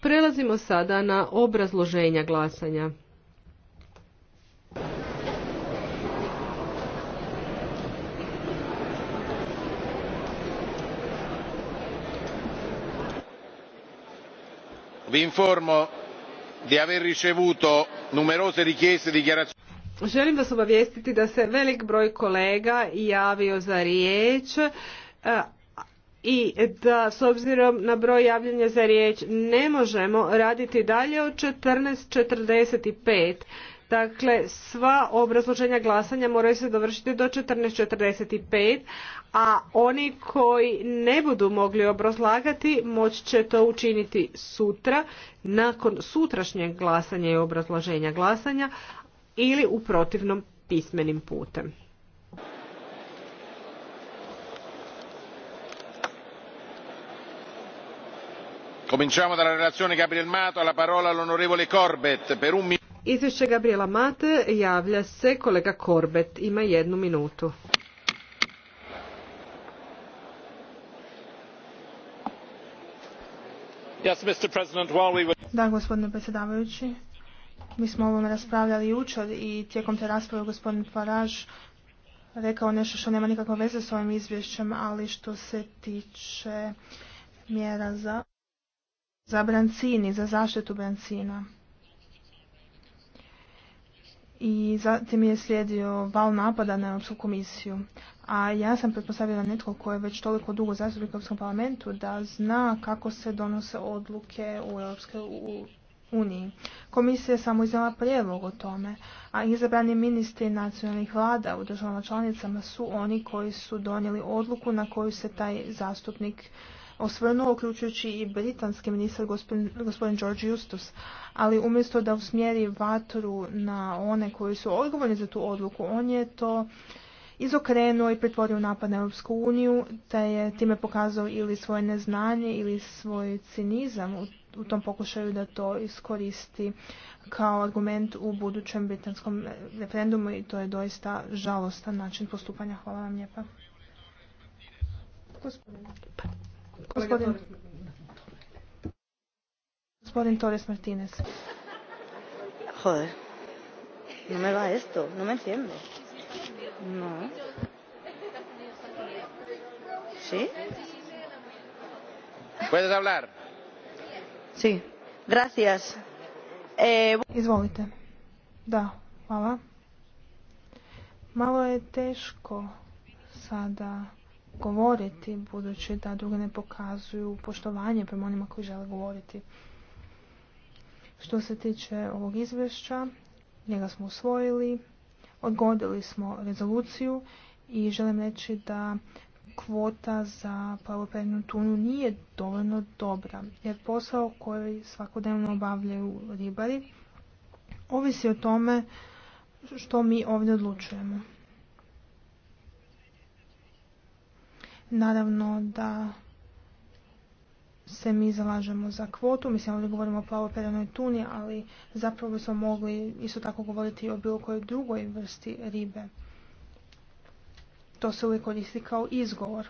Prelazimo sada na obrazloženja glasanja. Vi informo di aver ricevuto numerose richieste di dichiarazioni. želim vas obavijestiti da se velik broj kolega javio za riječ i da s obzirom na broj javljanja za riječ ne možemo raditi dalje od 14.45. Dakle, sva obrazloženja glasanja moraju se dovršiti do 14.45, a oni koji ne budu mogli obrazlagati moći će to učiniti sutra, nakon sutrašnjeg glasanja i obrazloženja glasanja ili u protivnom pismenim putem. cominciamo dalla relazione gabriel mato parola all'onorevole corbett per un izvješće gabriela mate javlja se kolega corbett ima jednu minutu. da gospodine predsjedavajući mi smo o ovome raspravljali jučer i tijekom te rasprave gospodin farage rekao nešto što nema nikakve veze s ovim izvješćem ali što se tiče mjera za za brancini, za zaštitu brancina. I zatim je slijedio val napada na Europsku komisiju. A ja sam pretpostavila netko tko je već toliko dugo zastupnik u Europskom parlamentu da zna kako se donose odluke u Europskoj uniji. Komisija je samo izdala prijedlog o tome, a izabrani ministri nacionalnih vlada u državama članicama su oni koji su donijeli odluku na koju se taj zastupnik osvrnuo, uključujući i britanski ministar gospodin, George Justus. Ali umjesto da usmjeri vatru na one koji su odgovorni za tu odluku, on je to izokrenuo i pretvorio napad na Europsku uniju, te je time pokazao ili svoje neznanje ili svoj cinizam u, tom pokušaju da to iskoristi kao argument u budućem britanskom referendumu i to je doista žalostan način postupanja. Hvala vam lijepa. Gospodin, gospodin Torres Martínez. Joder, no me va esto, no me entiendo. No. ¿Sí? ¿Puedes hablar? Sí. Gracias. E... Izvolite. Da, hvala. Malo je teško sada govoriti, budući da drugi ne pokazuju poštovanje prema onima koji žele govoriti. Što se tiče ovog izvješća, njega smo usvojili, odgodili smo rezoluciju i želim reći da kvota za plavopernu tunu nije dovoljno dobra, jer posao koji svakodnevno obavljaju ribari ovisi o tome što mi ovdje odlučujemo. Naravno da se mi zalažemo za kvotu, mislim ovdje govorimo o plavoperanoj tuni, ali zapravo smo mogli isto tako govoriti o bilo kojoj drugoj vrsti ribe. To se uvijek koristi kao izgovor.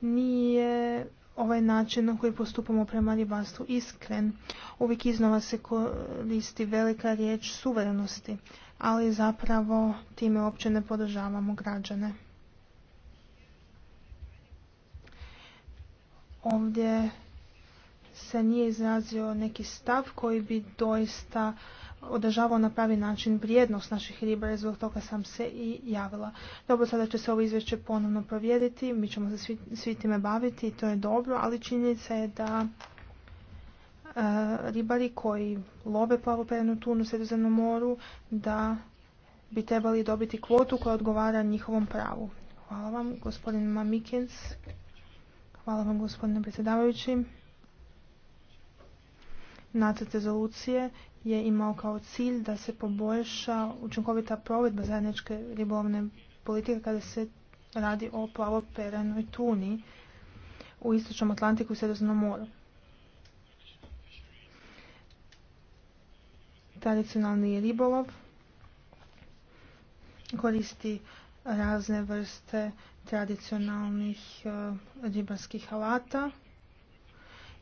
Nije ovaj način na koji postupamo prema ribarstvu iskren. Uvijek iznova se koristi velika riječ suverenosti, ali zapravo time uopće ne podržavamo građane. ovdje se nije izrazio neki stav koji bi doista održavao na pravi način vrijednost naših ribara, zbog toga sam se i javila. Dobro, sada će se ovo izvješće ponovno provjeriti, mi ćemo se svi, time baviti i to je dobro, ali činjenica je da e, ribari koji love perenu tunu u Sredozemnom moru, da bi trebali dobiti kvotu koja odgovara njihovom pravu. Hvala vam, gospodin Mamikins. Hvala vam gospodine predsjedavajući. Nacrt rezolucije je imao kao cilj da se poboljša učinkovita provedba zajedničke ribolovne politike kada se radi o plavoperenoj tuni u Istočnom Atlantiku i Sredozemnom moru. Tradicionalni ribolov koristi razne vrste tradicionalnih eh, ribarskih alata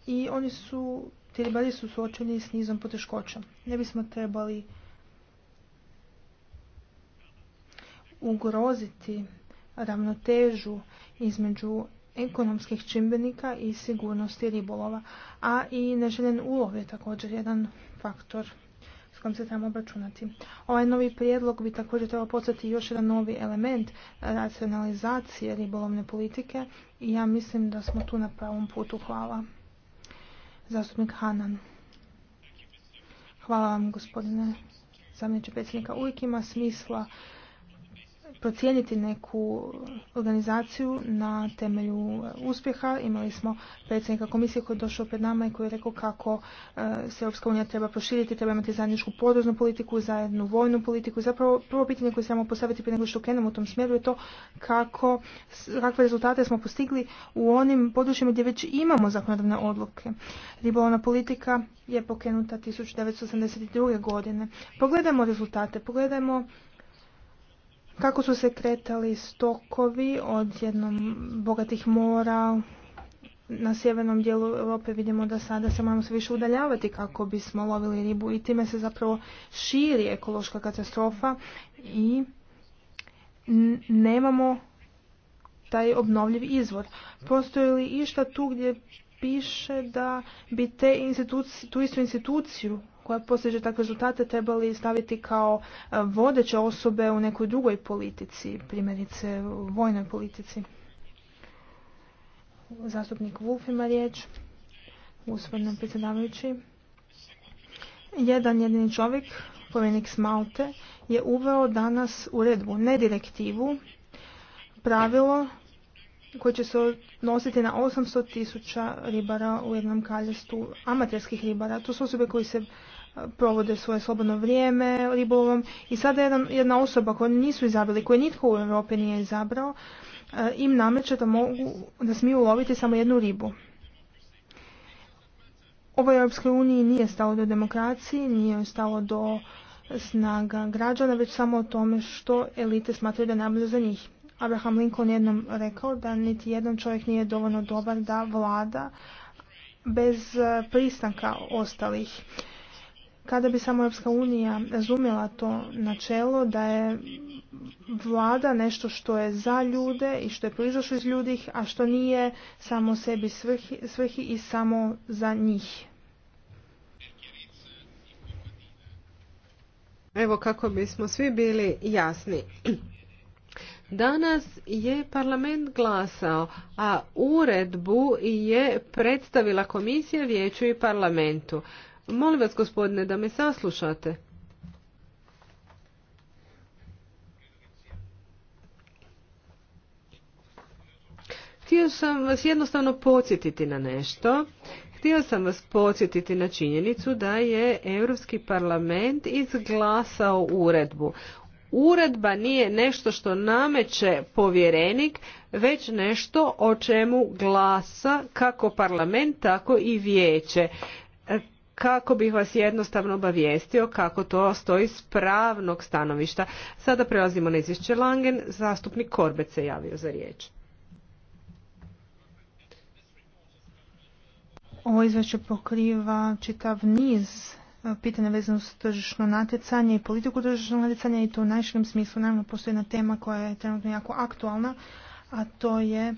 i oni su, ti ribari su suočeni s nizom poteškoća. Ne bismo trebali ugroziti ravnotežu između ekonomskih čimbenika i sigurnosti ribolova, a i neželjen ulov je također jedan faktor kojom se trebamo obračunati. Ovaj novi prijedlog bi također trebao postati još jedan novi element racionalizacije ribolovne politike i ja mislim da smo tu na pravom putu. Hvala. Zastupnik Hanan. Hvala vam gospodine zamjeniče predsjednika. Uvijek ima smisla procijeniti neku organizaciju na temelju uspjeha. Imali smo predsjednika komisije koji je došao pred nama i koji je rekao kako e, se Europska unija treba proširiti, treba imati zajedničku podroznu politiku, zajednu vojnu politiku. Zapravo prvo pitanje koje se trebamo postaviti prije nego što krenemo u tom smjeru je to kako, kakve rezultate smo postigli u onim područjima gdje već imamo zakonodavne odluke. Ribolovna politika je pokrenuta 1982. godine. Pogledajmo rezultate, pogledajmo kako su se kretali stokovi od jednom bogatih mora na sjevernom dijelu Europe vidimo da sada se moramo sve više udaljavati kako bismo lovili ribu i time se zapravo širi ekološka katastrofa i nemamo taj obnovljiv izvor. Postoji li išta tu gdje piše da bi te tu istu instituciju koja postiže takve rezultate trebali staviti kao e, vodeće osobe u nekoj drugoj politici, primjerice vojnoj politici. Zastupnik Wolf ima riječ. Gospodine predsjedavajući. Jedan jedini čovjek, povjenik Smalte, je uveo danas uredbu, ne direktivu, pravilo koje će se odnositi na 800 tisuća ribara u jednom kraljestvu, amaterskih ribara. To su osobe koji se provode svoje slobodno vrijeme ribolovom i sada jedan, jedna osoba koju nisu izabrali, koju nitko u Europi nije izabrao, eh, im nameće da, mogu, da smiju loviti samo jednu ribu. Ovoj Europskoj uniji nije stalo do demokracije, nije stalo do snaga građana, već samo o tome što elite smatraju da je najbolje za njih. Abraham Lincoln jednom rekao da niti jedan čovjek nije dovoljno dobar da vlada bez eh, pristanka ostalih kada bi samo Europska unija razumjela to načelo da je vlada nešto što je za ljude i što je proizašlo iz ljudi, a što nije samo sebi svrhi, svrhi i samo za njih. Evo kako bismo svi bili jasni. Danas je parlament glasao, a uredbu je predstavila komisija vijeću i parlamentu. Molim vas, gospodine, da me saslušate. Htio sam vas jednostavno podsjetiti na nešto. Htio sam vas podsjetiti na činjenicu da je Europski parlament izglasao uredbu. Uredba nije nešto što nameće povjerenik, već nešto o čemu glasa kako parlament, tako i vijeće kako bih vas jednostavno obavijestio kako to stoji s pravnog stanovišta. Sada prelazimo na izvješće Langen. Zastupnik Korbet se javio za riječ. Ovo izvješće pokriva čitav niz e, pitanja vezano s tržišno natjecanje i politiku tržišnog natjecanja i to u najširem smislu. Naravno, postoji jedna tema koja je trenutno jako aktualna, a to je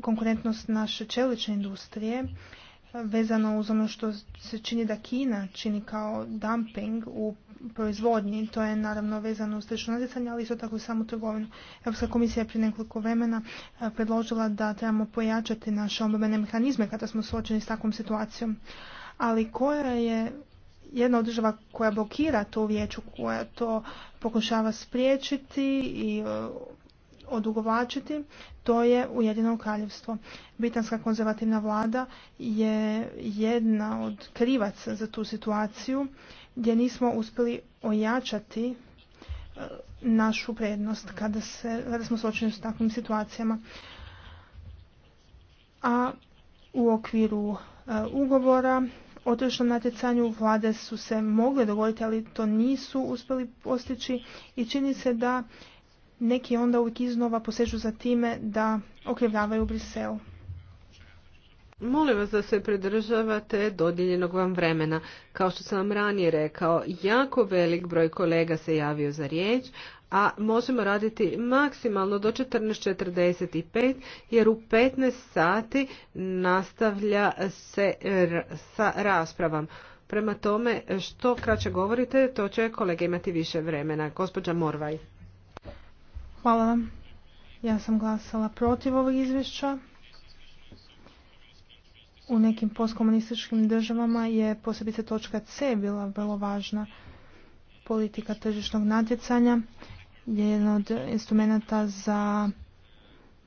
konkurentnost naše čelične industrije vezano uz ono što se čini da Kina čini kao dumping u proizvodnji. To je naravno vezano uz tržišno natjecanje, ali isto tako i samu trgovinu. Europska komisija je prije nekoliko vremena predložila da trebamo pojačati naše obrambene mehanizme kada smo suočeni s takvom situacijom. Ali koja je jedna od država koja blokira to vijeću, koja to pokušava spriječiti i odugovačiti, to je ujedino kraljevstvo. Britanska konzervativna vlada je jedna od krivaca za tu situaciju gdje nismo uspjeli ojačati e, našu prednost kada, se, kada smo suočeni s takvim situacijama. A u okviru e, ugovora o tržišnom natjecanju vlade su se mogle dogoditi, ali to nisu uspjeli postići i čini se da neki onda uvijek iznova posežu za time da okrivljavaju Brisel. Molim vas da se pridržavate dodijeljenog vam vremena. Kao što sam vam ranije rekao, jako velik broj kolega se javio za riječ, a možemo raditi maksimalno do 14.45 jer u 15 sati nastavlja se sa raspravom. Prema tome, što kraće govorite, to će kolege imati više vremena. Gospođa Morvaj. Hvala vam. Ja sam glasala protiv ovog izvješća. U nekim postkomunističkim državama je posebice točka C bila vrlo važna politika tržišnog natjecanja je jedan od instrumenta za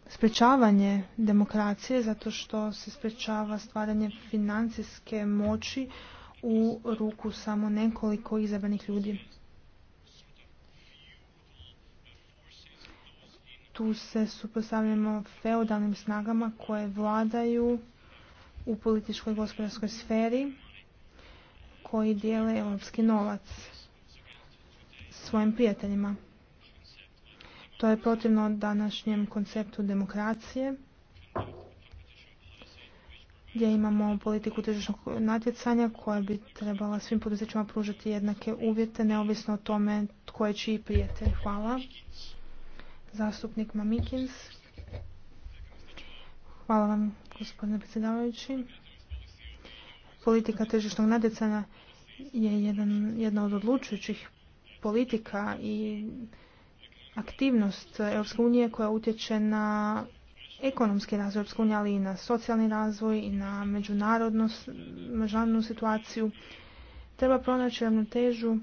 sprečavanje demokracije zato što se sprečava stvaranje financijske moći u ruku samo nekoliko izabranih ljudi. tu se suprostavljamo feudalnim snagama koje vladaju u političkoj i gospodarskoj sferi koji dijele europski novac svojim prijateljima. To je protivno današnjem konceptu demokracije gdje imamo politiku tržišnog natjecanja koja bi trebala svim poduzećima pružati jednake uvjete neovisno o tome tko je čiji prijatelj. Hvala. Zastupnik Mamikins. Hvala vam, gospodine predsjedavajući. Politika tržišnog natjecanja je jedan, jedna od odlučujućih politika i aktivnost Europske unije koja utječe na ekonomski razvoj Europske unije, ali i na socijalni razvoj i na međunarodnu situaciju. Treba pronaći ravnotežu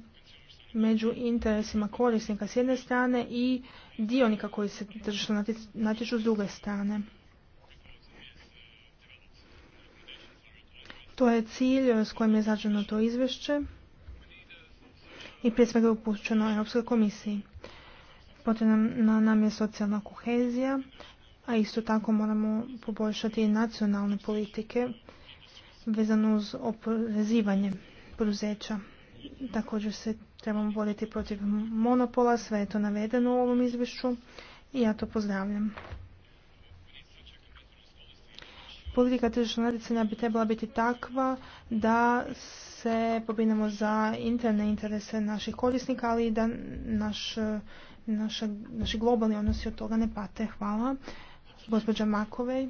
među interesima korisnika s jedne strane i dionika koji se tržišno natječu s druge strane. To je cilj s kojim je zađeno to izvješće i prije svega upućeno Europskoj komisiji. Potrebna nam je socijalna kohezija, a isto tako moramo poboljšati i nacionalne politike vezano uz oprezivanje poduzeća. Također se trebamo boriti protiv monopola, sve je to navedeno u ovom izvješću i ja to pozdravljam. Politika tržišnog natjecanja bi trebala biti takva da se pobinemo za interne interese naših korisnika, ali i da naš, naša, naši globalni odnosi od toga ne pate. Hvala. Gospođa Makovej.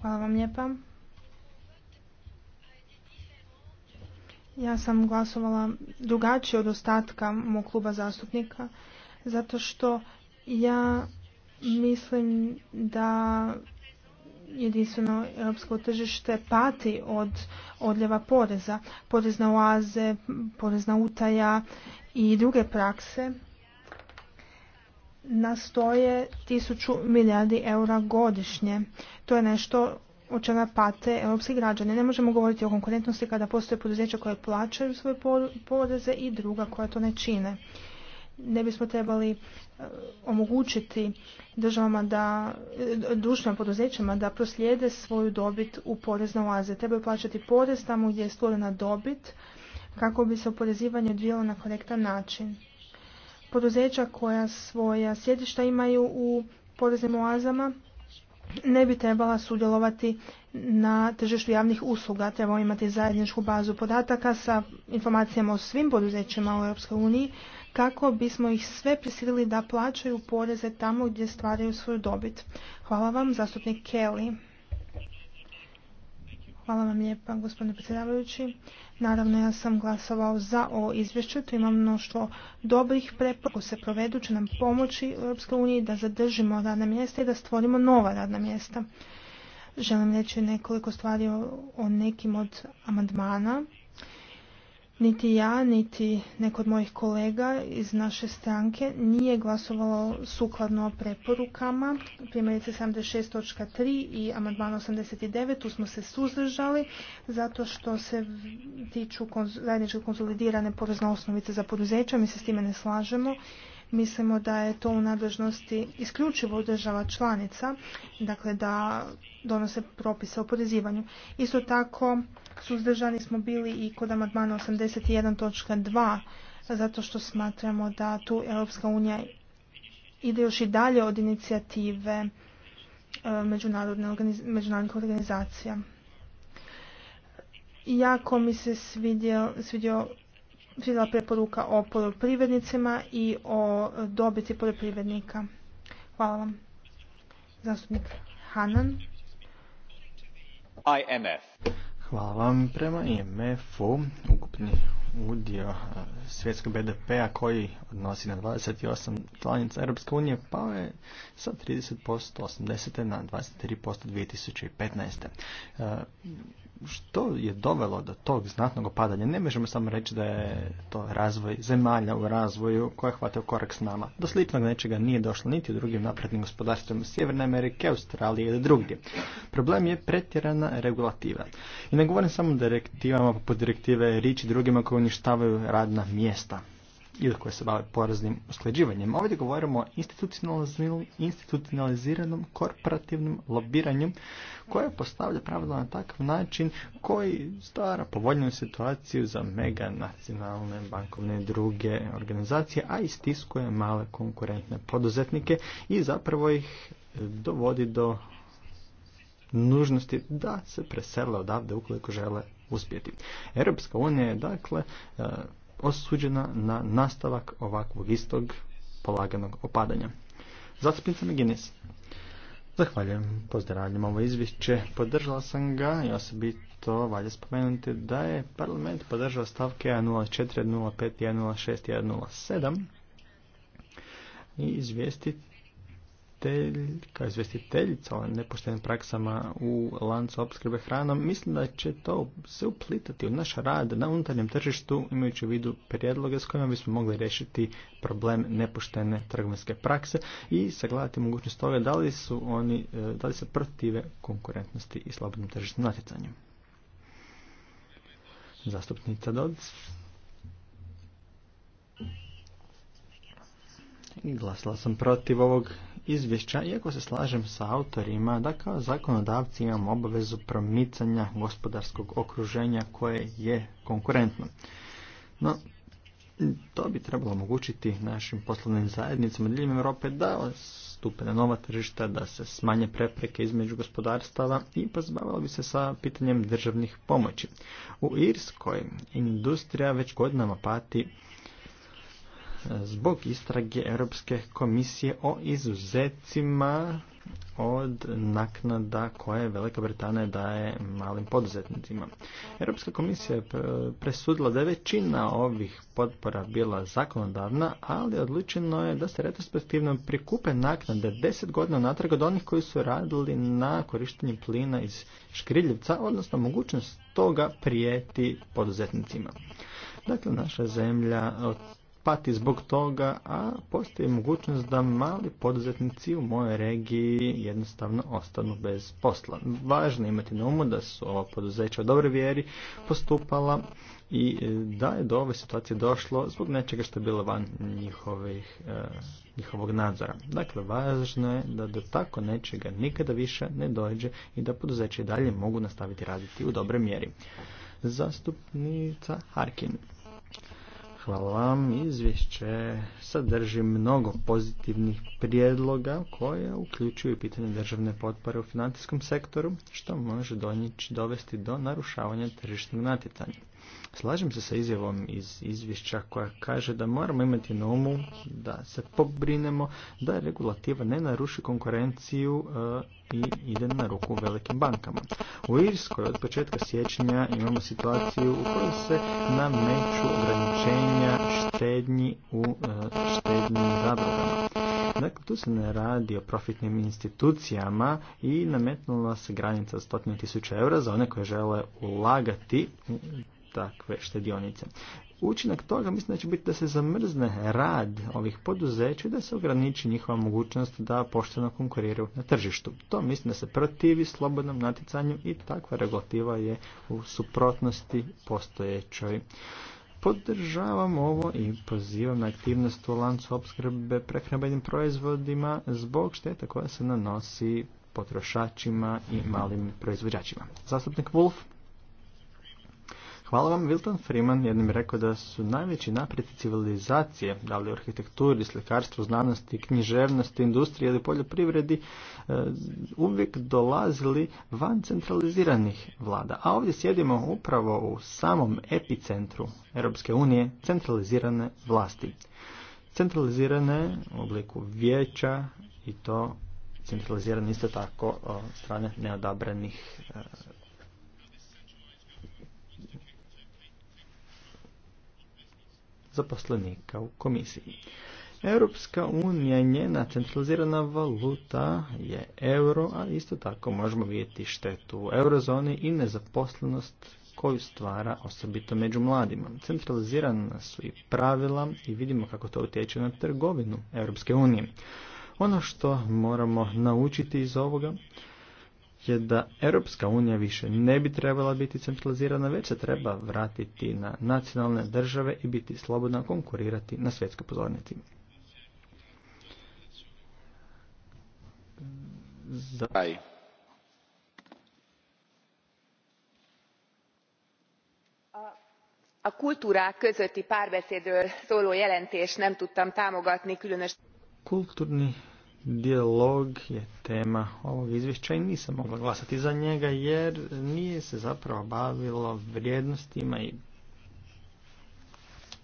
Hvala vam lijepa. Ja sam glasovala drugačije od ostatka mog kluba zastupnika, zato što ja mislim da jedinstveno europsko tržište pati od odljeva poreza, porezne oaze, porezna utaja i druge prakse nastoje tisuću milijardi eura godišnje. To je nešto u čega pate europski građani. Ne možemo govoriti o konkurentnosti kada postoje poduzeća koje plaćaju svoje poreze i druga koja to ne čine. Ne bismo trebali e, omogućiti državama da, e, društvenim poduzećima da proslijede svoju dobit u porezne oaze. Trebaju plaćati porez tamo gdje je stvorena dobit kako bi se oporezivanje odvijalo na korektan način. Poduzeća koja svoja sjedišta imaju u poreznim oazama ne bi trebala sudjelovati na tržištu javnih usluga. Trebamo imati zajedničku bazu podataka sa informacijama o svim poduzećima u EU kako bismo ih sve prisilili da plaćaju poreze tamo gdje stvaraju svoju dobit. Hvala vam, zastupnik Kelly. Hvala vam lijepa, gospodine predsjedavajući. Naravno, ja sam glasovao za ovo izvješće. Tu imam mnoštvo dobrih preporuka se provedu, će nam pomoći Europske EU da zadržimo radna mjesta i da stvorimo nova radna mjesta. Želim reći nekoliko stvari o nekim od amandmana niti ja, niti nekod od mojih kolega iz naše stranke nije glasovalo sukladno o preporukama, primjerice 76.3 i amandman 89, tu smo se suzdržali zato što se tiču zajedničke konsolidirane porezne osnovice za poduzeća, mi se s time ne slažemo Mislimo da je to u nadležnosti isključivo država članica, dakle da donose propise o porezivanju. Isto tako suzdržani smo bili i kod amadmana 81.2 zato što smatramo da tu Europska unija ide još i dalje od inicijative e, međunarodnih organizacija. Jako mi se svidio bila preporuka o poljoprivrednicima i o dobiti poljoprivrednika. Hvala vam. Zastupnik Hanan. IMF. Hvala vam. Prema IMF-u ukupni udio e, svjetskog BDP-a koji odnosi na 28 članica Europske unije pao je sa 30% 80. na 23% 2015 što je dovelo do tog znatnog opadanja? Ne možemo samo reći da je to razvoj zemalja u razvoju koja hvata korak s nama. Do slipnog nečega nije došlo niti u drugim naprednim gospodarstvima Sjeverne Amerike, Australije ili drugdje. Problem je pretjerana regulativa. I ne govorim samo o direktivama poput direktive riči drugima koji uništavaju radna mjesta ili koje se bave poraznim usklađivanjem. Ovdje govorimo o institucionaliziranom korporativnom lobiranju koje postavlja pravila na takav način koji stvara povoljnu situaciju za mega nacionalne bankovne i druge organizacije, a istiskuje male konkurentne poduzetnike i zapravo ih dovodi do nužnosti da se presele odavde ukoliko žele uspjeti. Europska unija je dakle osuđena na nastavak ovakvog istog polaganog opadanja. Zastupnica McGinnis. Zahvaljujem, pozdravljam ovo izvješće. Podržala sam ga i osobito valja spomenuti da je parlament podržao stavke 0405 05, i 1.06 i izvijestiti kao izvestiteljica o nepoštenim praksama u lancu opskrbe hranom, mislim da će to se uplitati u naš rad na unutarnjem tržištu, imajući u vidu prijedloge s kojima bismo mogli rešiti problem nepoštene trgovinske prakse i sagledati mogućnost toga da li su oni, e, da li se protive konkurentnosti i slobodnom tržišnom natjecanju. Zastupnica i Glasila sam protiv ovog izvješća, iako se slažem sa autorima da kao zakonodavci imamo obavezu promicanja gospodarskog okruženja koje je konkurentno. No, to bi trebalo omogućiti našim poslovnim zajednicama diljem Europe da stupe na nova tržišta, da se smanje prepreke između gospodarstava i pozbavilo bi se sa pitanjem državnih pomoći. U Irskoj industrija već godinama pati zbog istrage Europske komisije o izuzecima od naknada koje Velika Britanija daje malim poduzetnicima. Europska komisija je presudila da je većina ovih potpora bila zakonodavna, ali odlučeno je da se retrospektivno prikupe naknade deset godina natrag od onih koji su radili na korištenju plina iz škriljevca, odnosno mogućnost toga prijeti poduzetnicima. Dakle, naša zemlja od pati zbog toga, a postoji mogućnost da mali poduzetnici u mojoj regiji jednostavno ostanu bez posla. Važno je imati na umu da su ova poduzeća u dobroj vjeri postupala i e, da je do ove situacije došlo zbog nečega što je bilo van njihovih, e, njihovog nadzora. Dakle, važno je da do tako nečega nikada više ne dođe i da poduzeće i dalje mogu nastaviti raditi u dobroj mjeri. Zastupnica Harkin. Hvala vam. Izvješće sadrži mnogo pozitivnih prijedloga koje uključuju pitanje državne potpore u financijskom sektoru, što može dovesti do narušavanja tržišnog natjecanja. Slažem se sa izjavom iz izvješća koja kaže da moramo imati na umu da se pobrinemo da regulativa ne naruši konkurenciju e, i ide na ruku velikim bankama. U Irskoj od početka siječnja imamo situaciju u kojoj se nameću ograničenja štednji u e, štednjim zadrugama. Dakle, tu se ne radi o profitnim institucijama i nametnula se granica od 100.000 eura za one koje žele ulagati takve štedionice. Učinak toga mislim da će biti da se zamrzne rad ovih poduzeća i da se ograniči njihova mogućnost da pošteno konkuriraju na tržištu. To mislim da se protivi slobodnom natjecanju i takva regulativa je u suprotnosti postojećoj. Podržavam ovo i pozivam na aktivnost u lancu opskrbe prehrambenim proizvodima zbog šteta koja se nanosi potrošačima i malim proizvođačima. Zastupnik Wolf. Hvala vam, Wilton Freeman jednim rekao da su najveći napreti civilizacije, da li u arhitekturi, slikarstvu, znanosti, književnosti, industrije ili poljoprivredi, e, uvijek dolazili van centraliziranih vlada. A ovdje sjedimo upravo u samom epicentru Europske unije, centralizirane vlasti. Centralizirane u obliku vijeća i to centralizirane isto tako strane neodabranih e, zaposlenika u komisiji. Europska unija i njena centralizirana valuta je euro, a isto tako možemo vidjeti štetu u eurozoni i nezaposlenost koju stvara osobito među mladima. Centralizirana su i pravila i vidimo kako to utječe na trgovinu Europske unije. Ono što moramo naučiti iz ovoga je da Europska unija više ne bi trebala biti centralizirana, već se treba vratiti na nacionalne države i biti slobodna konkurirati na svjetskoj pozornici. Za... a kultúrák közötti párbeszédről szóló jelentést nem tudtam támogatni különösen. kulturni Dialog je tema ovog izvješća i nisam mogla glasati za njega jer nije se zapravo bavilo vrijednostima i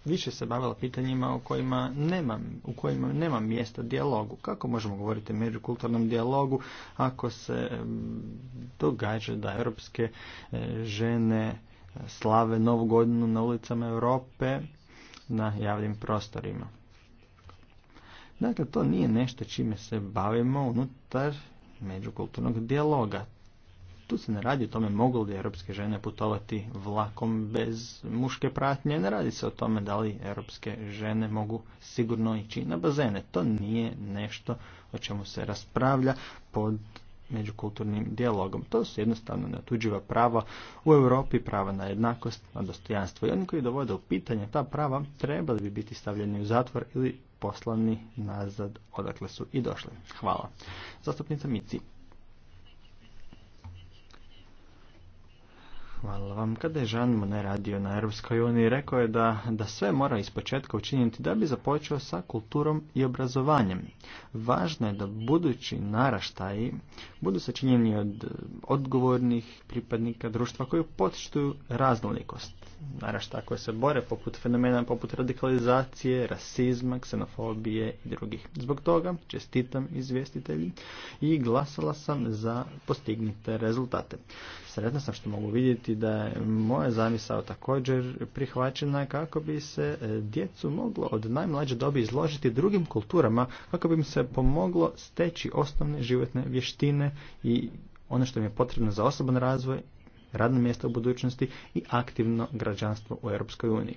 više se bavilo pitanjima o kojima nema, u kojima nema mjesta dijalogu. Kako možemo govoriti o međukulturnom dijalogu ako se mm, događa da europske e, žene slave novu godinu na ulicama Europe na javnim prostorima? Dakle, to nije nešto čime se bavimo unutar međukulturnog dijaloga. Tu se ne radi o tome mogu li europske žene putovati vlakom bez muške pratnje, ne radi se o tome da li europske žene mogu sigurno ići na bazene. To nije nešto o čemu se raspravlja pod međukulturnim dijalogom. To su jednostavno natuđiva prava u Europi, prava na jednakost, na dostojanstvo. I oni koji dovode u pitanje ta prava trebali bi biti stavljeni u zatvor ili poslani nazad odakle su i došli. Hvala. Zastupnica Mici. Hvala vam. Kada je Jean Monnet radio na Europskoj uniji, rekao je da, da sve mora ispočetka učiniti da bi započeo sa kulturom i obrazovanjem. Važno je da budući naraštaji budu sačinjeni od odgovornih pripadnika društva koji potištuju raznolikost. Naraštaja koje se bore poput fenomena poput radikalizacije, rasizma, ksenofobije i drugih. Zbog toga čestitam izvjestitelji i glasala sam za postignite rezultate. Sretna sam što mogu vidjeti da je moja zamisao također prihvaćena kako bi se e, djecu moglo od najmlađe dobi izložiti drugim kulturama kako bi im se pomoglo steći osnovne životne vještine i ono što im je potrebno za osoban razvoj, radno mjesto u budućnosti i aktivno građanstvo u Europskoj uniji.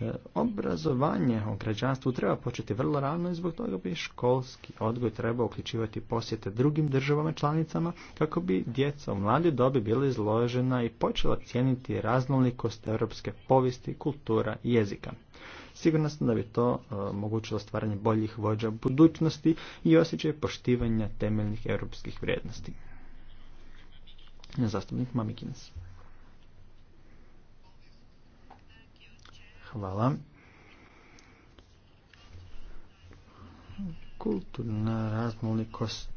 E, obrazovanje o građanstvu treba početi vrlo rano i zbog toga bi školski odgoj treba uključivati posjete drugim državama članicama kako bi djeca u mladoj dobi bila izložena i počela cijeniti raznolikost europske povijesti, kultura i jezika. Sigurno sam da bi to e, omogućilo stvaranje boljih vođa budućnosti i osjećaj poštivanja temeljnih europskih vrijednosti. Zastupnik Mamikins. Hvala. Kulturna raznolikost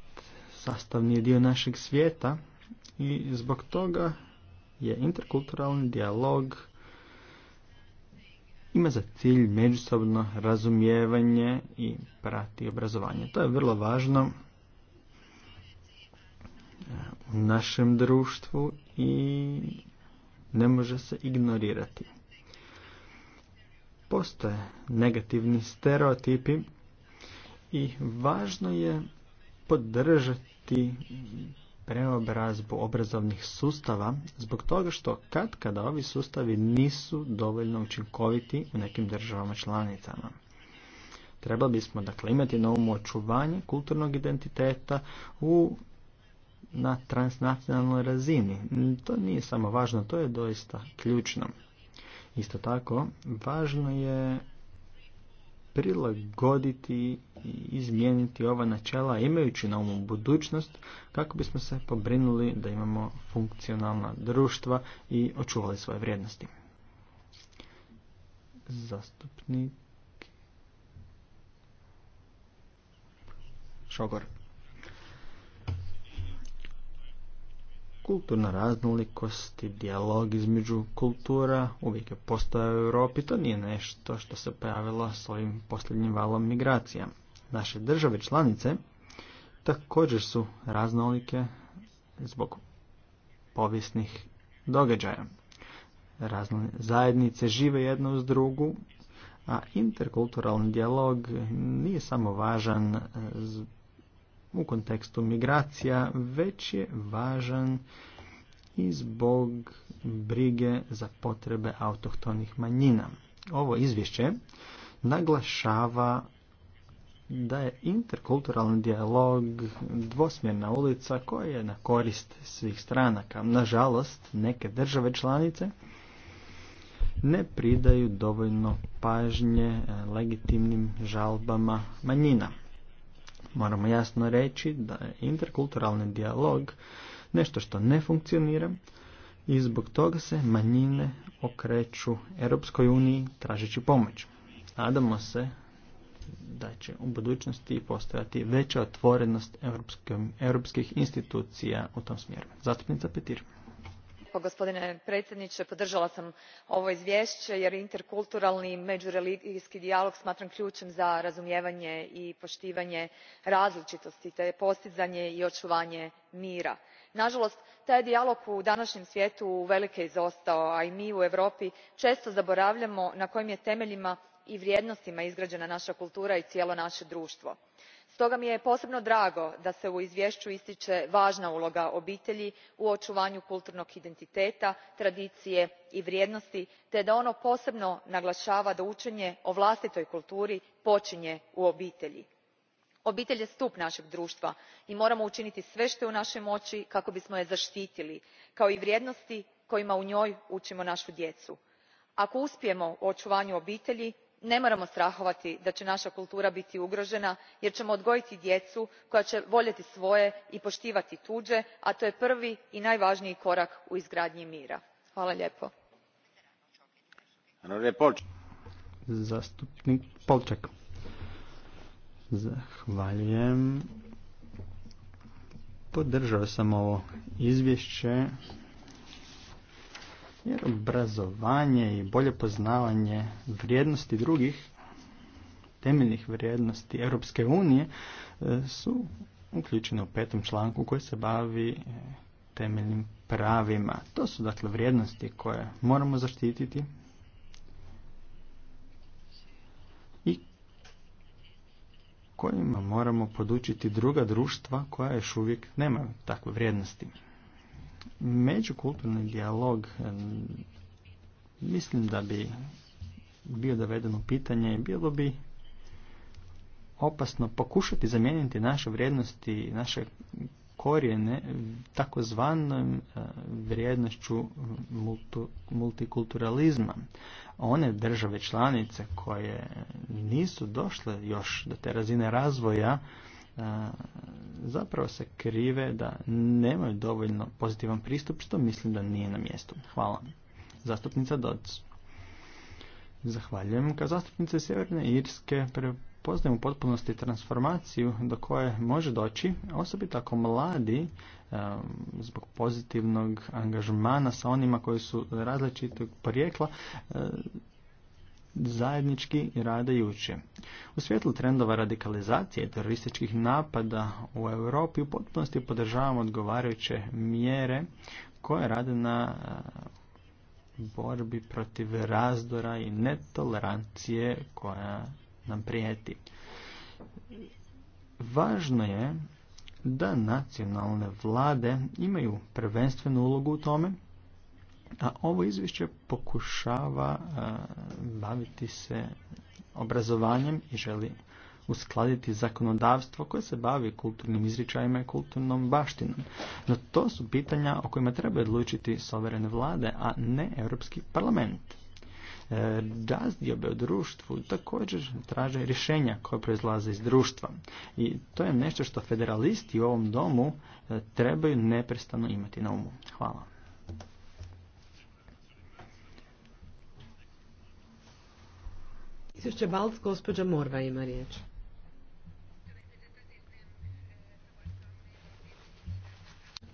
sastavni je dio našeg svijeta i zbog toga je interkulturalni dijalog ima za cilj međusobno razumijevanje i prati obrazovanje. To je vrlo važno e, u našem društvu i ne može se ignorirati. Postoje negativni stereotipi i važno je podržati preobrazbu obrazovnih sustava zbog toga što kad kada ovi sustavi nisu dovoljno učinkoviti u nekim državama članicama. Trebali bismo dakle imati na umu očuvanje kulturnog identiteta u, na transnacionalnoj razini. To nije samo važno, to je doista ključno. Isto tako, važno je prilagoditi i izmijeniti ova načela imajući na umu budućnost kako bismo se pobrinuli da imamo funkcionalna društva i očuvali svoje vrijednosti. Zastupnik Šogor. kulturna raznolikost i dijalog između kultura uvijek je postojao u Europi, to nije nešto što se pojavilo s ovim posljednjim valom migracija. Naše države članice također su raznolike zbog povijesnih događaja. zajednice žive jedno uz drugu, a interkulturalni dijalog nije samo važan u kontekstu migracija, već je važan i zbog brige za potrebe autohtonih manjina. Ovo izvješće naglašava da je interkulturalni dijalog dvosmjerna ulica koja je na korist svih stranaka. Nažalost, neke države članice ne pridaju dovoljno pažnje eh, legitimnim žalbama manjina. Moramo jasno reći da je interkulturalni dijalog nešto što ne funkcionira i zbog toga se manjine okreću Europskoj uniji tražeći pomoć. Nadamo se da će u budućnosti postojati veća otvorenost europskih institucija u tom smjeru. Zastupnica Petir gospodine predsjednie podržala sam ovo izvješće jer interkulturalni međureligijski dijalog smatram ključem za razumijevanje i poštivanje razliitosti te postizanje i očuvanje mira. Nažalost, taj je dijalog u današnjem svijetu uvelike izostao a i mi u europi često zaboravljamo na kojim je temeljima i vrijednostima izgrađena naša kultura i cijelo naše društvo stoga mi je posebno drago da se u izvješću ističe važna uloga obitelji u očuvanju kulturnog identiteta tradicije i vrijednosti te da ono posebno naglašava da učenje o vlastitoj kulturi počinje u obitelji. obitelj je stup našeg društva i moramo učiniti sve što je u našoj moći kako bismo je zaštitili kao i vrijednosti kojima u njoj učimo našu djecu. ako uspijemo u očuvanju obitelji ne moramo strahovati da će naša kultura biti ugrožena jer ćemo odgojiti djecu koja će voljeti svoje i poštivati tuđe a to je prvi i najvažniji korak u izgradnji mira. Jer obrazovanje i bolje poznavanje vrijednosti drugih temeljnih vrijednosti Europske unije e, su uključene u petom članku koji se bavi e, temeljnim pravima. To su dakle vrijednosti koje moramo zaštititi i kojima moramo podučiti druga društva koja još uvijek nemaju takve vrijednosti. Međukulturni dijalog mislim da bi bio doveden pitanje bilo bi opasno pokušati zamijeniti naše vrijednosti, naše korijene takozvanom vrijednošću multikulturalizma. One države članice koje nisu došle još do te razine razvoja zapravo se krive da nemaju dovoljno pozitivan pristup, što mislim da nije na mjestu. Hvala. Zastupnica doc Zahvaljujem. Kao zastupnice Sjeverne Irske prepoznajem u potpunosti transformaciju do koje može doći, osobito ako mladi e, zbog pozitivnog angažmana sa onima koji su različitog porijekla e, zajednički i rade U svjetlu trendova radikalizacije i terorističkih napada u Europi u potpunosti podržavamo odgovarajuće mjere koje rade na eh, borbi protiv razdora i netolerancije koja nam prijeti. Važno je da nacionalne vlade imaju prvenstvenu ulogu u tome a ovo izvješće pokušava e, baviti se obrazovanjem i želi uskladiti zakonodavstvo koje se bavi kulturnim izričajima i kulturnom baštinom. No to su pitanja o kojima treba odlučiti soverene vlade, a ne Europski parlament. Da e, razdiobe u društvu također traže rješenja koje proizlaze iz društva. I to je nešto što federalisti u ovom domu e, trebaju neprestano imati na umu. Hvala. Izvješće Balc, gospođa Morva ima riječ.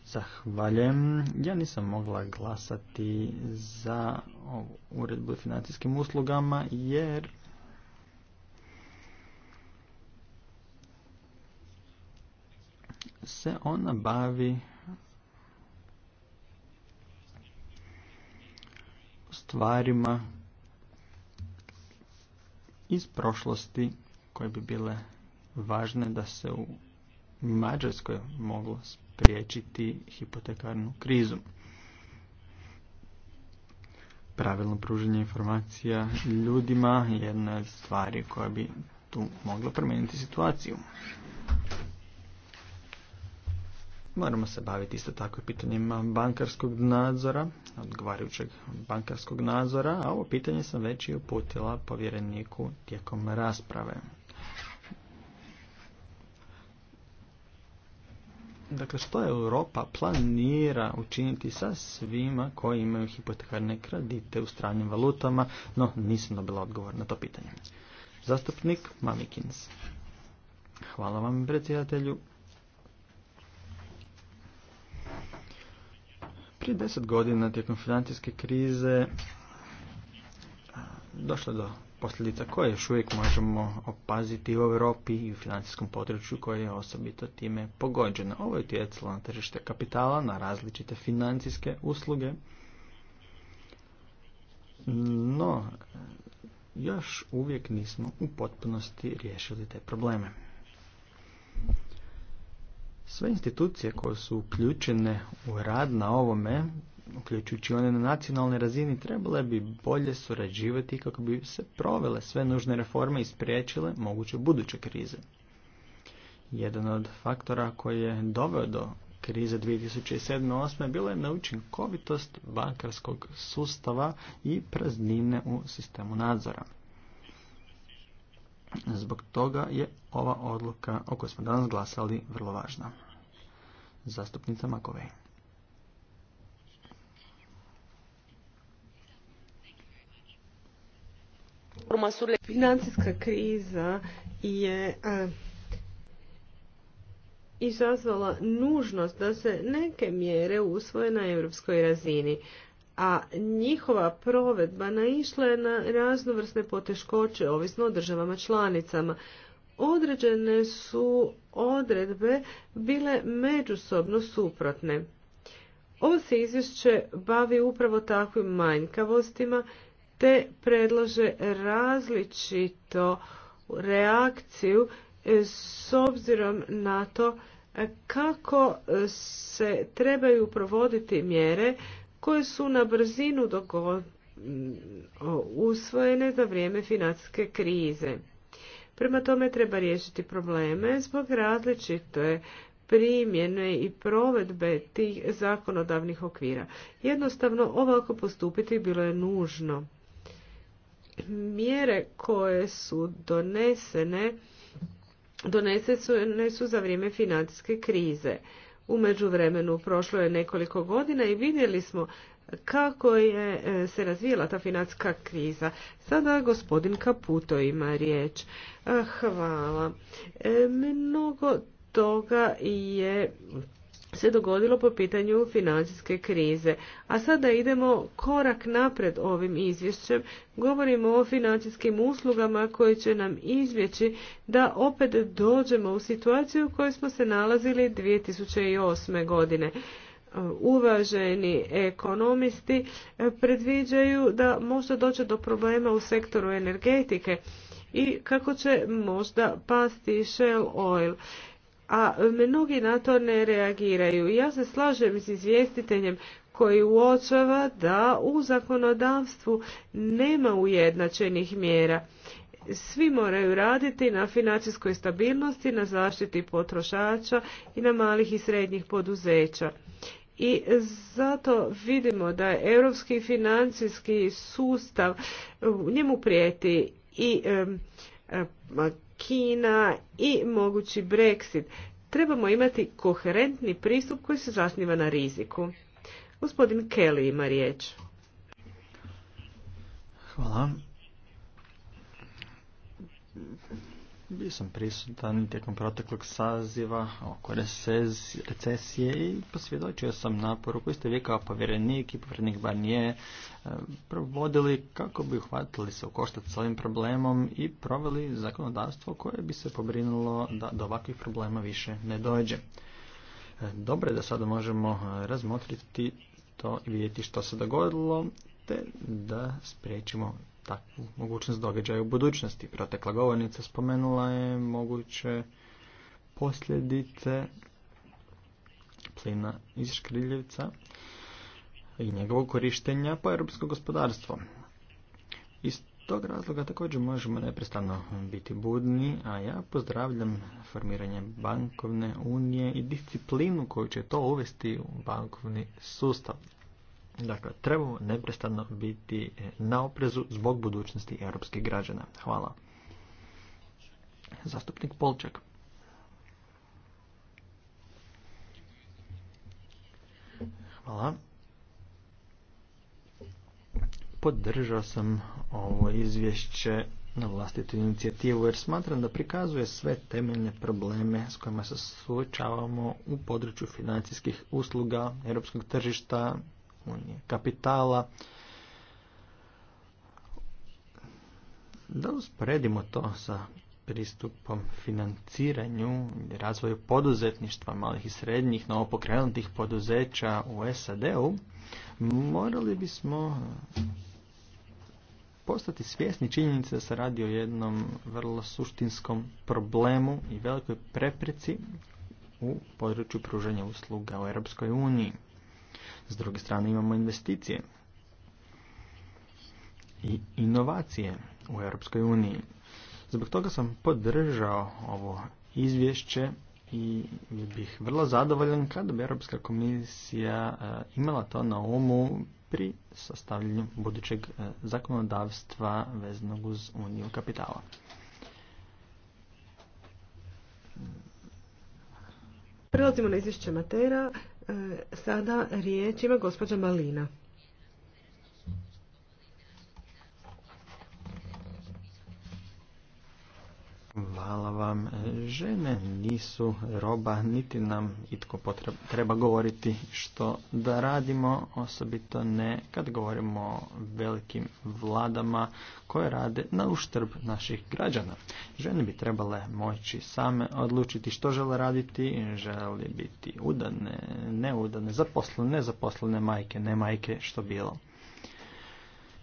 Zahvaljujem. Ja nisam mogla glasati za ovu uredbu o financijskim uslugama jer se ona bavi stvarima iz prošlosti koje bi bile važne da se u Mađarskoj moglo spriječiti hipotekarnu krizu. Pravilno pruženje informacija ljudima je jedna je stvari koja bi tu mogla promijeniti situaciju. Moramo se baviti isto tako i pitanjima bankarskog nadzora, odgovarajućeg bankarskog nadzora, a ovo pitanje sam već i uputila povjereniku tijekom rasprave. Dakle, što Europa planira učiniti sa svima koji imaju hipotekarne kredite u stranim valutama, no nisam dobila odgovor na to pitanje. Zastupnik Mamikins. Hvala vam, predsjedatelju. Prije deset godina tijekom financijske krize došlo do posljedica koje još uvijek možemo opaziti u Europi i u financijskom području koje je osobito time pogođeno. Ovo je utjecalo na tržište kapitala, na različite financijske usluge. No, još uvijek nismo u potpunosti riješili te probleme. Sve institucije koje su uključene u rad na ovome, uključujući one na nacionalnoj razini, trebale bi bolje surađivati kako bi se provele sve nužne reforme i spriječile moguće buduće krize. Jedan od faktora koji je doveo do krize 2007-2008 bila je neučinkovitost bankarskog sustava i praznine u sistemu nadzora. Zbog toga je ova odluka o kojoj smo danas glasali vrlo važna. Zastupnica Makovej. Financijska kriza je izazvala nužnost da se neke mjere usvoje na europskoj razini a njihova provedba naišla je na raznovrsne poteškoće ovisno o državama članicama. Određene su odredbe bile međusobno suprotne. Ovo se izvješće bavi upravo takvim manjkavostima te predlaže različito reakciju e, s obzirom na to e, kako se trebaju provoditi mjere koje su na brzinu dogo... usvojene za vrijeme financijske krize. Prema tome treba riješiti probleme zbog različite primjene i provedbe tih zakonodavnih okvira. Jednostavno ovako postupiti bilo je nužno. Mjere koje su donesene donesene su za vrijeme financijske krize. U međuvremenu prošlo je nekoliko godina i vidjeli smo kako je e, se razvijela ta financijska kriza. Sada gospodin Kaputo ima riječ. Hvala. E, mnogo toga je se dogodilo po pitanju financijske krize. A sada idemo korak napred ovim izvješćem. Govorimo o financijskim uslugama koje će nam izvjeći da opet dođemo u situaciju u kojoj smo se nalazili 2008. godine. Uvaženi ekonomisti predviđaju da možda dođe do problema u sektoru energetike i kako će možda pasti Shell Oil a mnogi na to ne reagiraju. Ja se slažem s izvjestiteljem koji uočava da u zakonodavstvu nema ujednačenih mjera. Svi moraju raditi na financijskoj stabilnosti, na zaštiti potrošača i na malih i srednjih poduzeća. I zato vidimo da je europski financijski sustav njemu prijeti i Kina i mogući Brexit. Trebamo imati koherentni pristup koji se zasniva na riziku. Gospodin Kelly ima riječ. Hvala. Bio sam prisutan tijekom proteklog saziva oko recesije i posvjedočio sam naporu koji ste vi kao povjerenik i povjerenik nije provodili kako bi uhvatili se u koštac s ovim problemom i proveli zakonodavstvo koje bi se pobrinulo da do ovakvih problema više ne dođe. E, dobro je da sada možemo razmotriti to i vidjeti što se dogodilo te da spriječimo takvu mogućnost događaja u budućnosti. Protekla govornica spomenula je moguće posljedice plina iz škriljevca i njegovog korištenja po europsko gospodarstvo. Iz tog razloga također možemo neprestano biti budni, a ja pozdravljam formiranje bankovne unije i disciplinu koju će to uvesti u bankovni sustav. Dakle, trebamo neprestano biti e, na oprezu zbog budućnosti europskih građana. Hvala. Zastupnik Polčak. Hvala. Podržao sam ovo izvješće na vlastitu inicijativu jer smatram da prikazuje sve temeljne probleme s kojima se suočavamo u području financijskih usluga, europskog tržišta, unije kapitala. Da usporedimo to sa pristupom financiranju i razvoju poduzetništva malih i srednjih novopokrenutih poduzeća u SAD-u, morali bismo postati svjesni činjenice da se radi o jednom vrlo suštinskom problemu i velikoj prepreci u području pružanja usluga u Europskoj uniji. S druge strane imamo investicije i inovacije u Europskoj uniji. Zbog toga sam podržao ovo izvješće i bih vrlo zadovoljan kada bi Europska komisija e, imala to na umu pri sastavljanju budućeg e, zakonodavstva vezanog uz Uniju kapitala. Prelazimo na izvješće Matera. E, sada riječ ima gospođa Malina. Hvala vam. E, žene nisu roba, niti nam itko treba govoriti što da radimo, osobito ne kad govorimo o velikim vladama koje rade na uštrb naših građana. Žene bi trebale moći same odlučiti što žele raditi, žele biti udane, neudane, zaposlene, nezaposlene majke, ne majke, što bilo.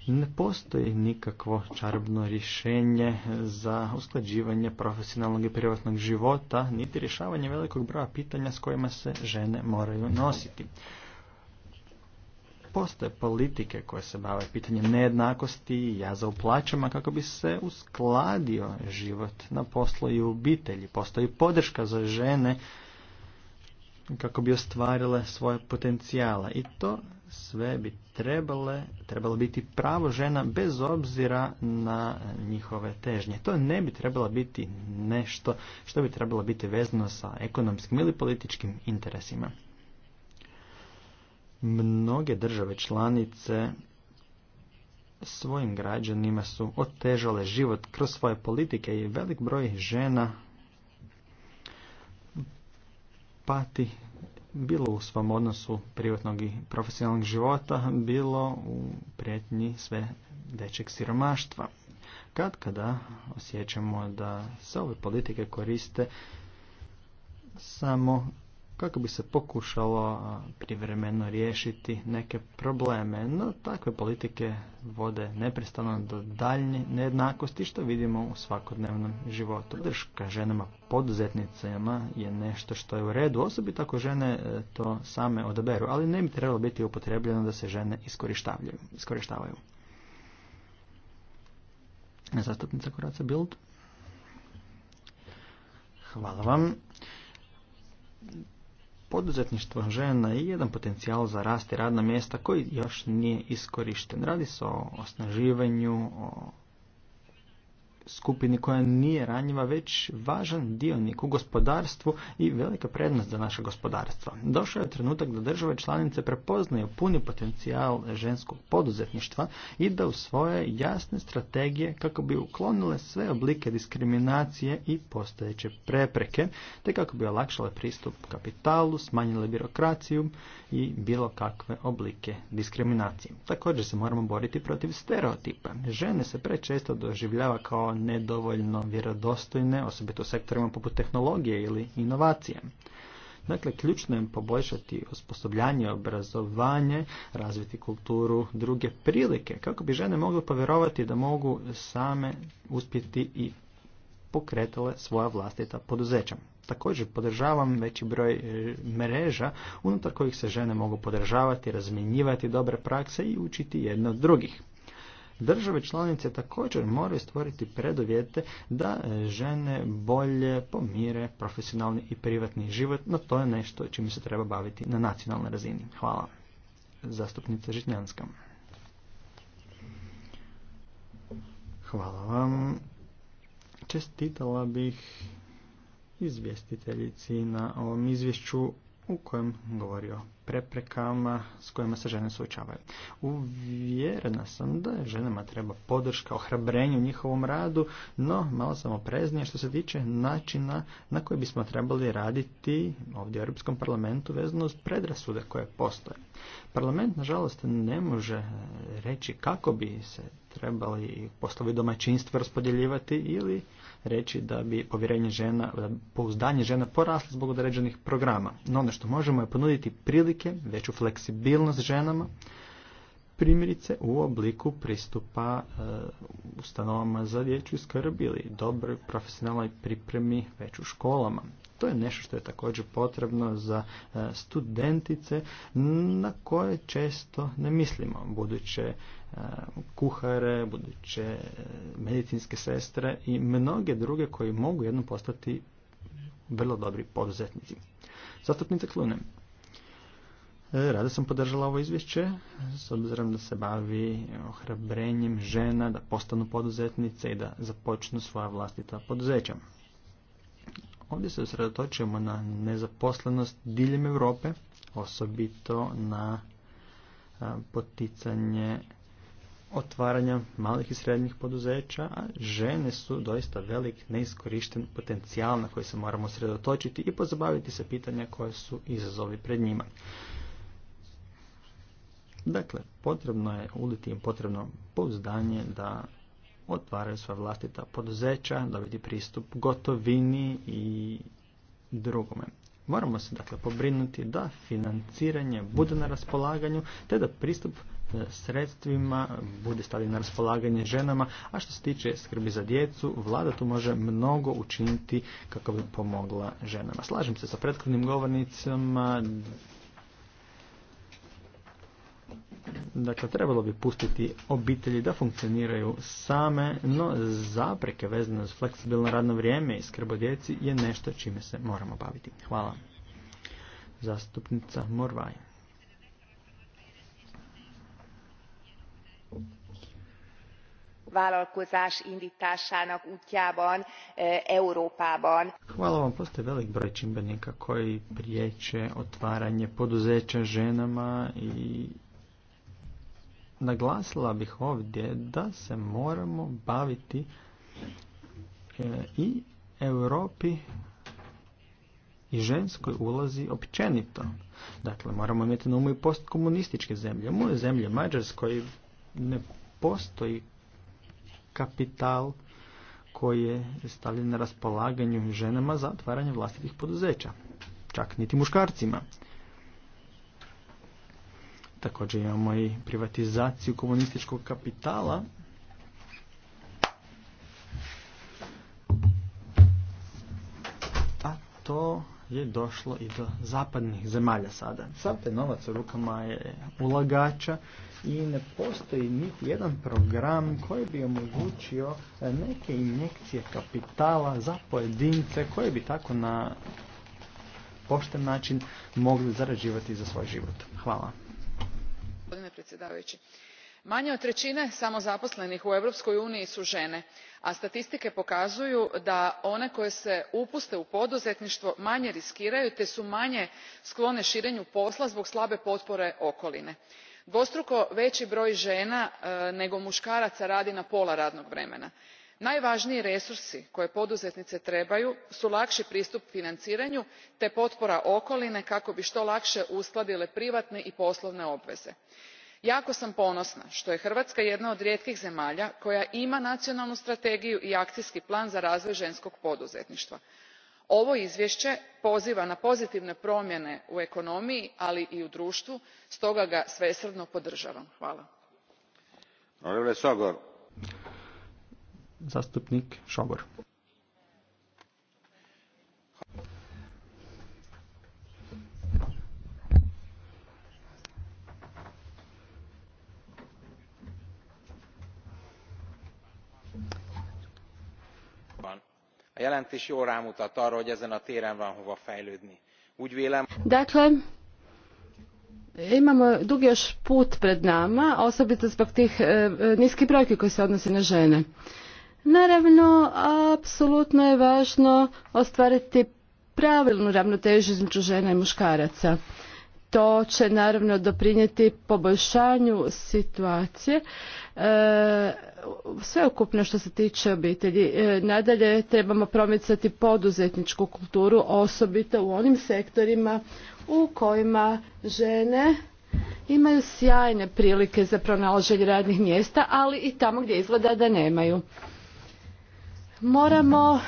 Ne postoji nikakvo čarobno rješenje za usklađivanje profesionalnog i privatnog života, niti rješavanje velikog broja pitanja s kojima se žene moraju nositi. Postoje politike koje se bave pitanjem nejednakosti i jaza u plaćama kako bi se uskladio život na poslu i u obitelji. Postoji podrška za žene kako bi ostvarile svoje potencijale. I to sve bi trebale, trebalo biti pravo žena bez obzira na njihove težnje. To ne bi trebalo biti nešto što bi trebalo biti vezano sa ekonomskim ili političkim interesima. Mnoge države članice svojim građanima su otežale život kroz svoje politike i velik broj žena pati bilo u svom odnosu privatnog i profesionalnog života, bilo u prijetnji sve većeg siromaštva. Kad kada osjećamo da se ove politike koriste samo kako bi se pokušalo privremeno riješiti neke probleme. No, takve politike vode neprestano do daljnje nejednakosti što vidimo u svakodnevnom životu. Podrška ženama poduzetnicama je nešto što je u redu, osobito ako žene e, to same odaberu, ali ne bi trebalo biti upotrebljeno da se žene iskorištavaju. Zastupnica Koraca Bild. Hvala vam poduzetništvo žena i jedan potencijal za rast i radna mjesta koji još nije iskorišten. Radi se o osnaživanju, o skupini koja nije ranjiva, već važan dionik u gospodarstvu i velika prednost za naše gospodarstvo. Došao je trenutak da države članice prepoznaju puni potencijal ženskog poduzetništva i da usvoje jasne strategije kako bi uklonile sve oblike diskriminacije i postojeće prepreke, te kako bi olakšale pristup kapitalu, smanjile birokraciju i bilo kakve oblike diskriminacije. Također se moramo boriti protiv stereotipa. Žene se prečesto doživljava kao nedovoljno vjerodostojne, osobito u sektorima poput tehnologije ili inovacije. Dakle, ključno je poboljšati osposobljanje, obrazovanje, razviti kulturu, druge prilike, kako bi žene mogle povjerovati da mogu same uspjeti i pokretale svoja vlastita poduzeća. Također podržavam veći broj e, mreža unutar kojih se žene mogu podržavati, razmjenjivati dobre prakse i učiti jedne od drugih. Države članice također moraju stvoriti preduvjete da e, žene bolje pomire profesionalni i privatni život, no to je nešto čime se treba baviti na nacionalnoj razini. Hvala. Zastupnica Žitnjanska. Hvala vam. Čestitala bih izvjestiteljici na ovom izvješću u kojem govorio preprekama s kojima se žene suočavaju. Uvjerena sam da ženama treba podrška, u njihovom radu, no malo sam opreznije što se tiče načina na koji bismo trebali raditi ovdje u Europskom parlamentu vezano uz predrasude koje postoje. Parlament, nažalost, ne može reći kako bi se trebali poslovi domaćinstva raspodjeljivati ili reći da bi povjerenje žena, da pouzdanje žena poraslo zbog određenih programa. No ono što možemo je ponuditi prilike, veću fleksibilnost ženama, primjerice u obliku pristupa e, ustanovama za dječju skrb ili dobroj profesionalnoj pripremi već u školama. To je nešto što je također potrebno za e, studentice na koje često ne mislimo, buduće E, kuhare, buduće e, medicinske sestre i mnoge druge koji mogu jednom postati vrlo dobri poduzetnici. Zastupnica Klune. E, Rada sam podržala ovo izvješće s obzirom da se bavi ohrabrenjem žena da postanu poduzetnice i da započnu svoja vlastita poduzeća. Ovdje se usredotočujemo na nezaposlenost diljem Europe, osobito na poticanje otvaranja malih i srednjih poduzeća, a žene su doista velik neiskorišten potencijal na koji se moramo sredotočiti i pozabaviti se pitanja koje su izazovi pred njima. Dakle, potrebno je uliti im potrebno pouzdanje da otvaraju sva vlastita poduzeća, dobiti pristup gotovini i drugome. Moramo se dakle pobrinuti da financiranje bude na raspolaganju te da pristup sredstvima bude stavljena na raspolaganje ženama, a što se tiče skrbi za djecu, vlada tu može mnogo učiniti kako bi pomogla ženama. Slažem se sa prethodnim govornicama, Dakle, trebalo bi pustiti obitelji da funkcioniraju same, no zapreke vezane uz fleksibilno radno vrijeme i skrbo djeci je nešto čime se moramo baviti. Hvala. Zastupnica Morvaj. vállalkozás indtásának útjában e, európában. hvala vam postoji velik broj čimbenika koji priječe otvaranje poduzeća ženama i naglasila bih ovdje da se moramo baviti e, i europi i ženskoj ulazi općenito. Dakle, moramo imati na umu i postkomunističke zemlje. Moje zemlje, zemlje, Mađarskoj, ne postoji kapital koji je stavljen na raspolaganju ženama za otvaranje vlastitih poduzeća, čak niti muškarcima. Također imamo i privatizaciju komunističkog kapitala a to je došlo i do zapadnih zemalja sada. Sav taj novac u rukama je ulagača i ne postoji niti jedan program koji bi omogućio e, neke injekcije kapitala za pojedince koji bi tako na pošten način mogli zarađivati za svoj život. Hvala. predsjedavajući, manje od treine samozaposlenih u europskoj uniji su ene a statistike pokazuju da one koje se upuste u poduzetništvo manje riskiraju te su manje sklone širenju posla zbog slabe potpore okoline. dvostruko vei broj žena e, nego muškaraca radi na pola radnog vremena. Najvažniji resursi koje poduzetnice trebaju su lakši pristup financiranju te potpora okoline kako bi to lakše uskladile privatne i poslovne obveze jako sam ponosna to je hrvatska jedna od rijetkih zemalja koja ima nacionalnu strategiju i akcijski plan za razvoj enskog poduzetnitva. ovo izvješće poziva na pozitivne promjene u ekonomiji ali i u društvu, stoga ga svesrdno podržavam. jelentés jól rámutat arra hogy ezen a téren van hova fejlődni. úgy vélem dakle imamo dugi još put pred nama osobito zbog tih e, e, niskih brojki koji se odnose na žene. naravno apsolutno je važno ostvariti pravilnu ravnotežu između žena i muškaraca to će naravno doprinijeti poboljšanju situacije e, sveukupno što se tiče obitelji. E, nadalje trebamo promicati poduzetničku kulturu, osobito u onim sektorima u kojima žene imaju sjajne prilike za pronalaženje radnih mjesta, ali i tamo gdje izgleda da nemaju. Moramo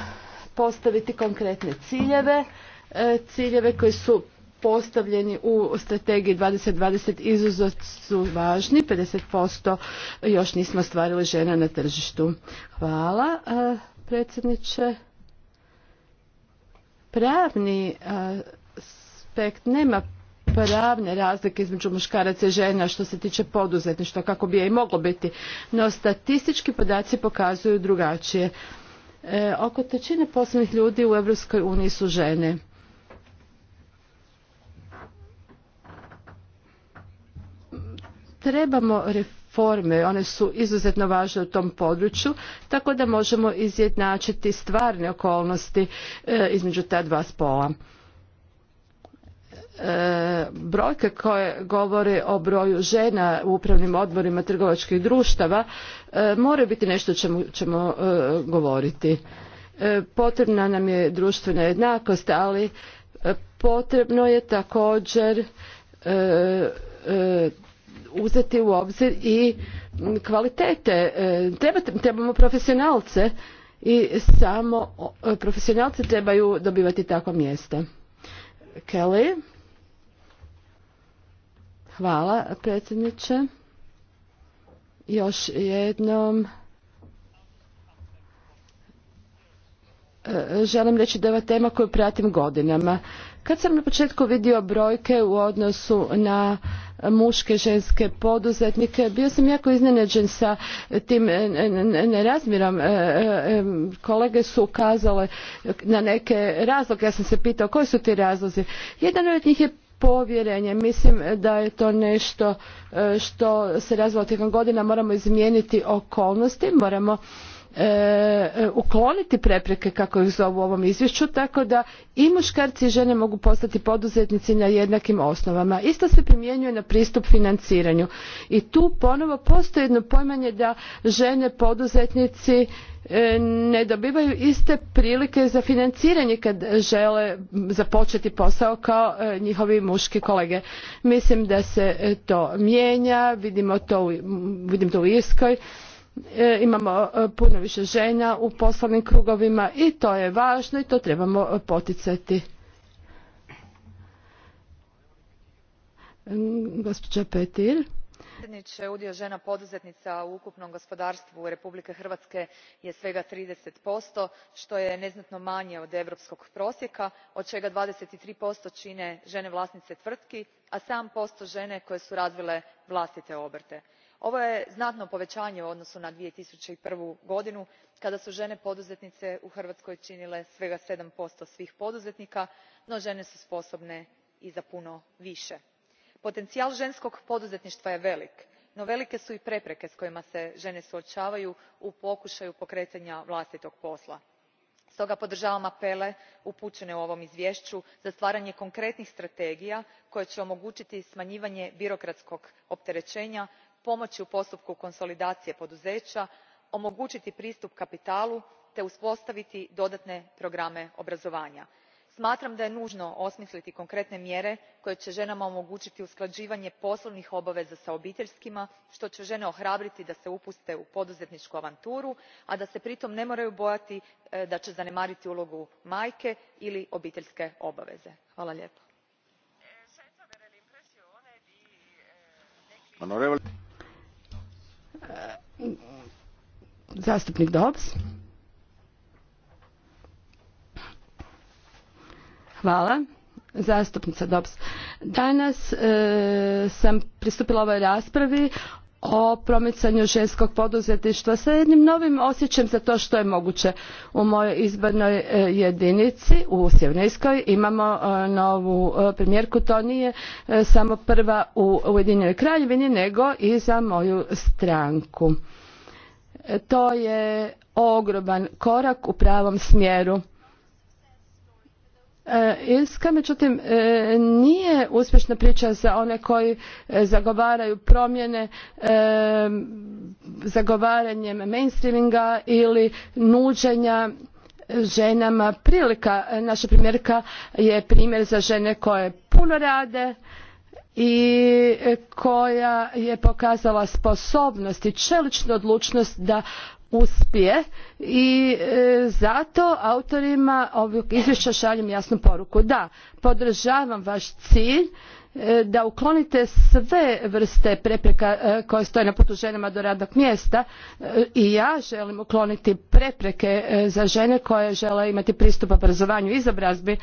postaviti konkretne ciljeve, e, ciljeve koji su postavljeni u strategiji 2020 izuzet su važni, 50% još nismo stvarili žena na tržištu. Hvala predsjedniče. Pravni aspekt nema pravne razlike između muškaraca i žena što se tiče poduzetništva kako bi je i moglo biti, no statistički podaci pokazuju drugačije. E, oko trećine poslovnih ljudi u Europskoj uniji su žene. trebamo reforme, one su izuzetno važne u tom području, tako da možemo izjednačiti stvarne okolnosti e, između ta dva spola. E, brojke koje govore o broju žena u upravnim odborima trgovačkih društava e, moraju biti nešto o čemu ćemo e, govoriti. Potrebna nam je društvena jednakost, ali potrebno je također uzeti u obzir i kvalitete. E, trebamo profesionalce i samo profesionalci trebaju dobivati takva mjesta. Kelly. Hvala predsjedniče. Još jednom e, želim reći da je ova tema koju pratim godinama. Kad sam na početku vidio brojke u odnosu na muške, ženske poduzetnike, bio sam jako iznenađen sa tim e, e, e, nerazmjerom. Kolege su ukazale na neke razloge, ja sam se pitao koji su ti razlozi. Jedan od njih je povjerenje. Mislim da je to nešto što se razvilo tijekom godina. Moramo izmijeniti okolnosti, moramo E, ukloniti prepreke kako ih zovu u ovom izvješću tako da i muškarci i žene mogu postati poduzetnici na jednakim osnovama. Isto se primjenjuje na pristup financiranju i tu ponovo postoji jedno pojmanje da žene poduzetnici e, ne dobivaju iste prilike za financiranje kad žele započeti posao kao e, njihovi muški kolege. Mislim da se to mijenja, vidimo to, vidim to u Irskoj E, imamo e, puno više žena u poslovnim krugovima i to je važno i to trebamo poticati. Mm, Petir udio žena poduzetnica u ukupnom gospodarstvu republike hrvatske je svega thirty što je neznatno manje od europskog prosjeka od čega twenty three čine ene vlasnice tvrtki a seven žene koje su razvile vlastite obrte ovo je znatno poveanje u odnosu na. two thousand and godinu kada su ene poduzetnice u hrvatskoj inile svega seven svih poduzetnika no ene su sposobne i za puno vie. potencijal enskog poduzetništva je velik no velike su i prepreke s kojima se ene suočavaju u pokuaju pokretanja vlastitog posla. stoga podržavam apele upuene u ovom izvjeu za stvaranje konkretnih strategija koje e omoguiti smanjivanje birokratskog opterećenja pomoći u postupku konsolidacije poduzeća omogućiti pristup kapitalu te uspostaviti dodatne programe obrazovanja. smatram da je nužno osmisliti konkretne mjere koje će ženama omogućiti usklađivanje poslovnih obaveza s obiteljskima što će žene ohrabriti da se upuste u poduzetničku avanturu a da se pritom ne moraju bojati e, da će zanemariti ulogu majke ili obiteljske obaveze. hvala Zastupnik Dobbs. Hvala. Zastupnica Dobbs. Danas e, sam pristupila ovoj raspravi o promicanju ženskog poduzetništva sa jednim novim osjećajem za to što je moguće. U mojoj izbornoj e, jedinici u sjevernoirskoj imamo e, novu e, premijerku. To nije samo prva u Ujedinjenoj kraljevini nego i za moju stranku. To je ogroman korak u pravom smjeru E, Irska, međutim, e, nije uspješna priča za one koji e, zagovaraju promjene zagovaranjem mainstreaminga ili nuđenja ženama prilika. Naša primjerka je primjer za žene koje puno rade i koja je pokazala sposobnost i čeličnu odlučnost da uspije i e, zato autorima ovog izvješća šaljem jasnu poruku da podržavam vaš cilj e, da uklonite sve vrste prepreka e, koje stoje na putu ženama do radnog mjesta i ja želim ukloniti prepreke za žene koje žele imati pristup obrazovanju i izobrazbi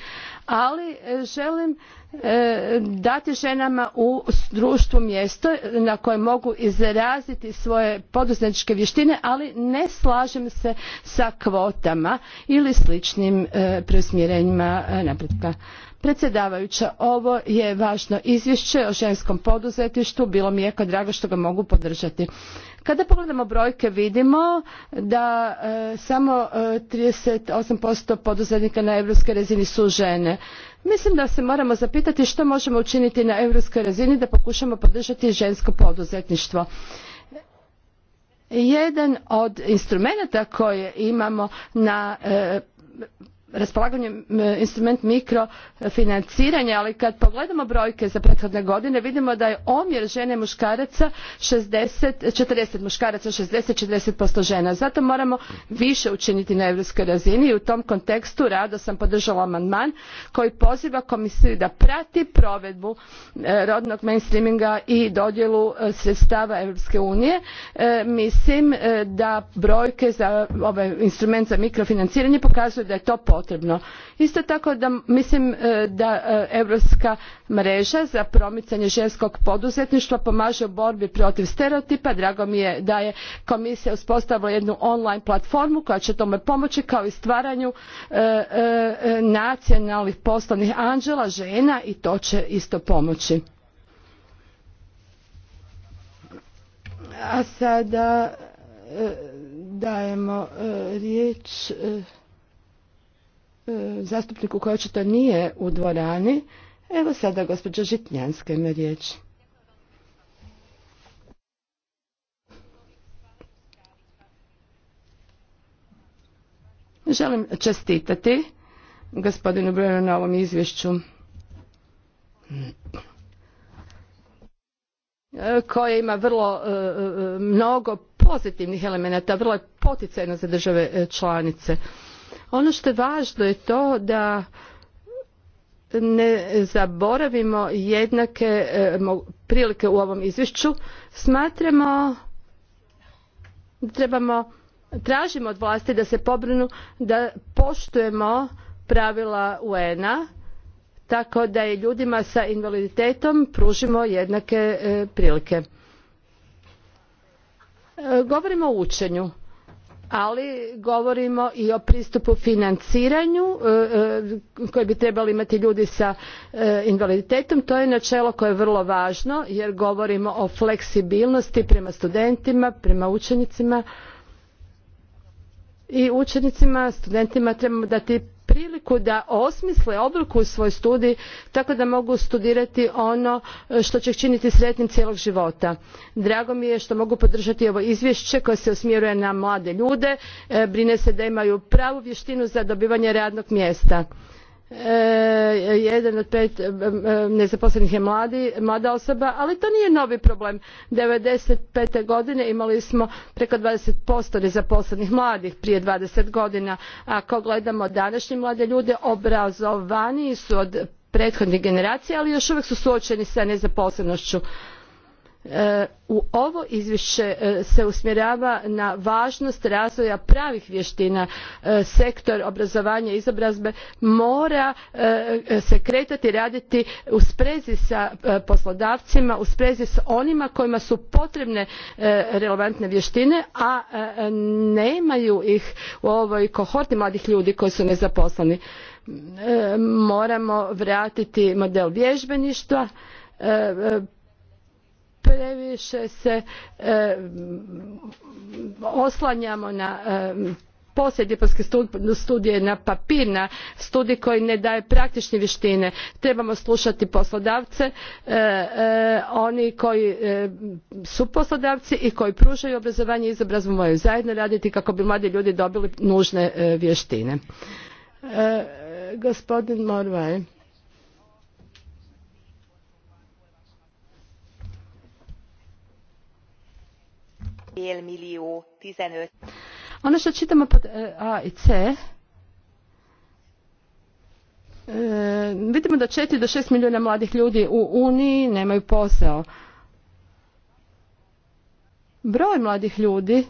ali želim E, dati ženama u društvu mjesto na kojem mogu izraziti svoje poduzetničke vještine ali ne slažem se sa kvotama ili sličnim e, preusmjerenjima e, napretka predsjedavajuća ovo je važno izvješće o ženskom poduzetništvu bilo mi je jako drago što ga mogu podržati kada pogledamo brojke vidimo da samo trideset osam poduzetnika na europskoj razini su žene Mislim da se moramo zapitati što možemo učiniti na europskoj razini da pokušamo podržati žensko poduzetništvo. Jedan od instrumenata koje imamo na e, raspolaganju instrument mikrofinanciranja ali kad pogledamo brojke za prethodne godine vidimo da je omjer žene i muškaraca forty muškaraca sixty forty žena zato moramo više učiniti na europskoj razini i u tom kontekstu rado sam podržala amandman koji poziva komisiju da prati provedbu e, rodnog mainstreaminga i dodjelu e, sredstava europske unije e, mislim da brojke za ovaj instrument za mikrofinanciranje pokazuju da je to potrebno. Isto tako da mislim e, da e, europska mreža za promicanje ženskog poduzetništva pomaže u borbi protiv stereotipa. Drago mi je da je komisija uspostavila jednu online platformu koja će tome pomoći kao i stvaranju e, nacionalnih poslovnih anđela žena i to će isto pomoći. A sada dajemo riječ E, zastupniku koja očito nije u dvorani. Evo sada gospođa Žitnjanska ima riječ. Želim čestitati gospodinu brojeno na ovom izvješću e, koje ima vrlo e, mnogo pozitivnih elemenata, vrlo je poticajno za države članice. Ono što je važno je to da ne zaboravimo jednake eh, prilike u ovom izvješću. Smatramo trebamo tražimo od vlasti da se pobrinu da poštujemo pravila un tako da i ljudima sa invaliditetom pružimo jednake eh, prilike. Eh, govorimo o učenju ali govorimo i o pristupu financiranju e, e, koje bi trebali imati ljudi sa e, invaliditetom to je načelo koje je vrlo važno jer govorimo o fleksibilnosti prema studentima prema učenicima i učenicima studentima trebamo dati priliku da osmisle oblikuju svoj studij tako da mogu studirati ono e, što će ih činiti sretnim cijelog života. drago mi je što mogu podržati ovo izvješće koje se usmjeruje na mlade ljude e, brine se da imaju pravu vještinu za dobivanje radnog mjesta. E, jedan od pet e, e, nezaposlenih je mlada osoba ali to nije novi problem. ninety five godine imali smo preko twenty nezaposlenih mladih prije twenty godina a ako gledamo današnje mlade ljude obrazovaniji su od prethodnih generacija ali još uvijek su suočeni sa nezaposlenošću. E, u ovo izvješće e, se usmjerava na važnost razvoja pravih vještina e, sektor obrazovanja i izobrazbe mora se kretati i raditi u sprezi sa poslodavcima u sprezi s onima kojima su potrebne relevantne vještine a nemaju ih u ovoj kohorti mladih ljudi koji su nezaposleni moramo vratiti model vježbeništva previše se e, oslanjamo na e, poslijediplomske studije na papir na studij koji ne daje praktične vještine trebamo slušati poslodavce e, oni koji su poslodavci i koji pružaju obrazovanje i izobrazbu moraju zajedno raditi kako bi mladi ljudi dobili nužne vještine gospodin Morvai. fél millió ono što čitamo pod e, a i c e, vidimo da 4 do 6 milijuna mladih ljudi u Uniji nemaju posao. Broj mladih ljudi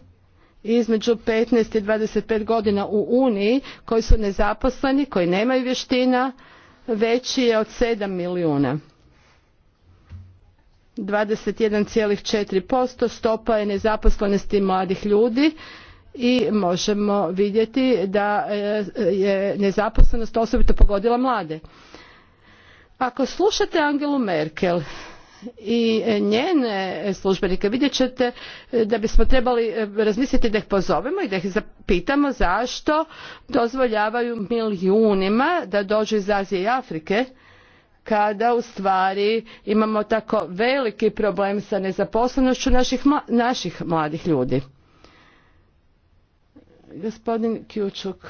između 15 i 25 godina u Uniji koji su nezaposleni, koji nemaju vještina, veći je od 7 milijuna. 21,4%, stopa je nezaposlenosti mladih ljudi i možemo vidjeti da e, je nezaposlenost osobito pogodila mlade. Ako slušate Angelu Merkel i njene službenike vidjet ćete e, da bismo trebali e, razmisliti da ih pozovemo i da ih zapitamo zašto dozvoljavaju milijunima da dođu iz Azije i Afrike kada u stvari imamo tako veliki problem sa nezaposlenošću naših, naših mladih ljudi. Gospodin Kjučuk,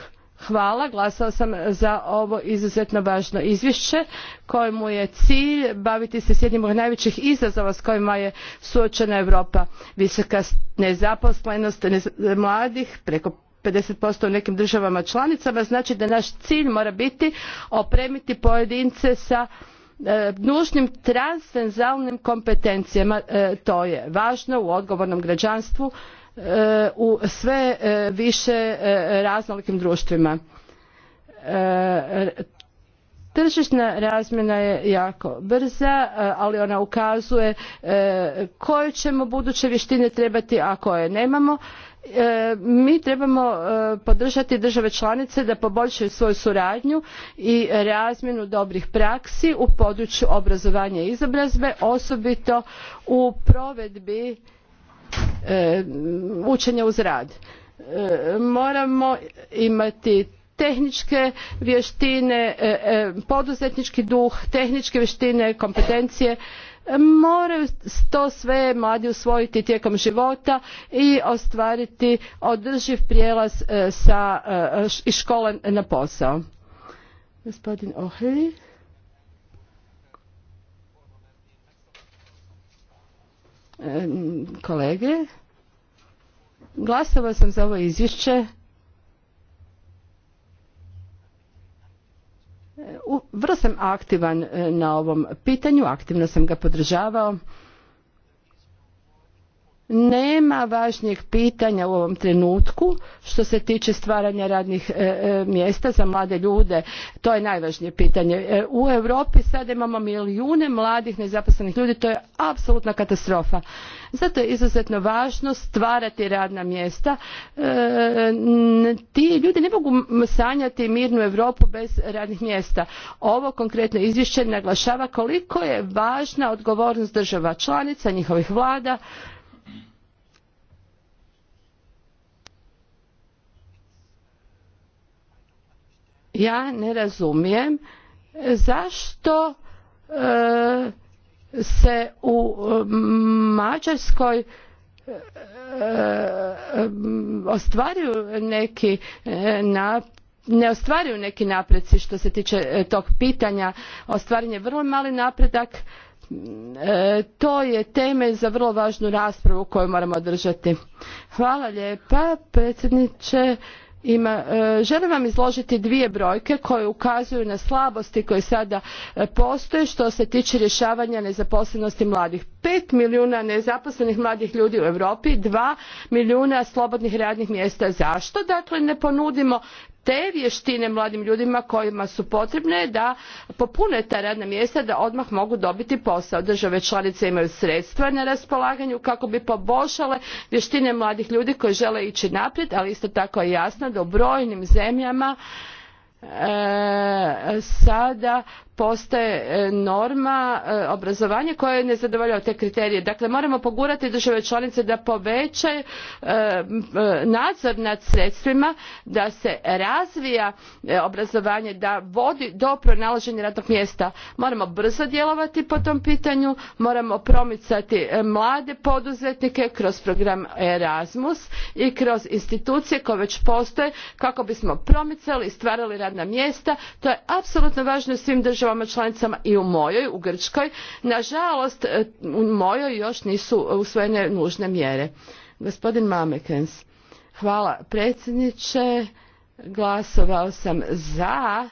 hvala, glasao sam za ovo izuzetno važno izvješće kojemu je cilj baviti se s jednim od najvećih izazova s kojima je suočena Europa. Visoka nezaposlenost mladih, preko 50% u nekim državama članicama znači da naš cilj mora biti opremiti pojedince sa e, nužnim transverzalnim kompetencijama e, to je važno u odgovornom građanstvu e, u sve više raznolikim društvima tržišna razmjena je jako brza ali ona ukazuje koje ćemo buduće vještine trebati a koje nemamo E, mi trebamo e, podržati države članice da poboljšaju svoju suradnju i razmjenu dobrih praksi u području obrazovanja i izobrazbe osobito u provedbi e, učenja uz rad. moramo imati tehničke vještine poduzetnički duh tehničke vještine kompetencije moraju to sve mladi usvojiti tijekom života i ostvariti održiv prijelaz e, sa, e, iz škole na posao. Gospodin Ohri. E, kolege, glasovao sam za ovo izvješće vrlo sam aktivan e, na ovom pitanju aktivno sam ga podržavao nema važnijeg pitanja u ovom trenutku što se tiče stvaranja radnih e, e, mjesta za mlade ljude to je najvažnije pitanje e, u europi sada imamo milijune mladih nezaposlenih ljudi to je apsolutna katastrofa zato je izuzetno važno stvarati radna mjesta ti ljudi ne mogu sanjati mirnu europu bez radnih mjesta ovo konkretno izvješće naglašava koliko je važna odgovornost država članica njihovih vlada ja ne razumijem zašto e, se u Mađarskoj e, e, ostvaruju neki ne ostvaruju neki napreci što se tiče tog pitanja ostvaren je vrlo mali napredak to je teme za vrlo važnu raspravu koju moramo držati. Hvala lijepa predsjedniče. Ima, e, želim vam izložiti dvije brojke koje ukazuju na slabosti koje sada e, postoje što se tiče rješavanja nezaposlenosti mladih. pet milijuna nezaposlenih mladih ljudi u europi dva milijuna slobodnih radnih mjesta. zašto dakle ne ponudimo te vještine mladim ljudima kojima su potrebne da popune ta radna mjesta da odmah mogu dobiti posao. Države članice imaju sredstva na raspolaganju kako bi poboljšale vještine mladih ljudi koji žele ići naprijed, ali isto tako je jasno da u brojnim zemljama E, sada postaje e, norma e, obrazovanje koje ne zadovoljava te kriterije. Dakle, moramo pogurati države članice da povećaju nadzor nad sredstvima, da se razvija obrazovanje, da vodi do pronalaženja radnog mjesta. Moramo brzo djelovati po tom pitanju, moramo promicati mlade poduzetnike kroz program Erasmus i kroz institucije koje već postoje kako bismo promicali i stvarali radna radna mjesta. To je apsolutno važno svim državama članicama i u mojoj, u Grčkoj. Nažalost, e, u mojoj još nisu usvojene nužne mjere. Gospodin Mamekens, hvala predsjedniče. Glasovao sam za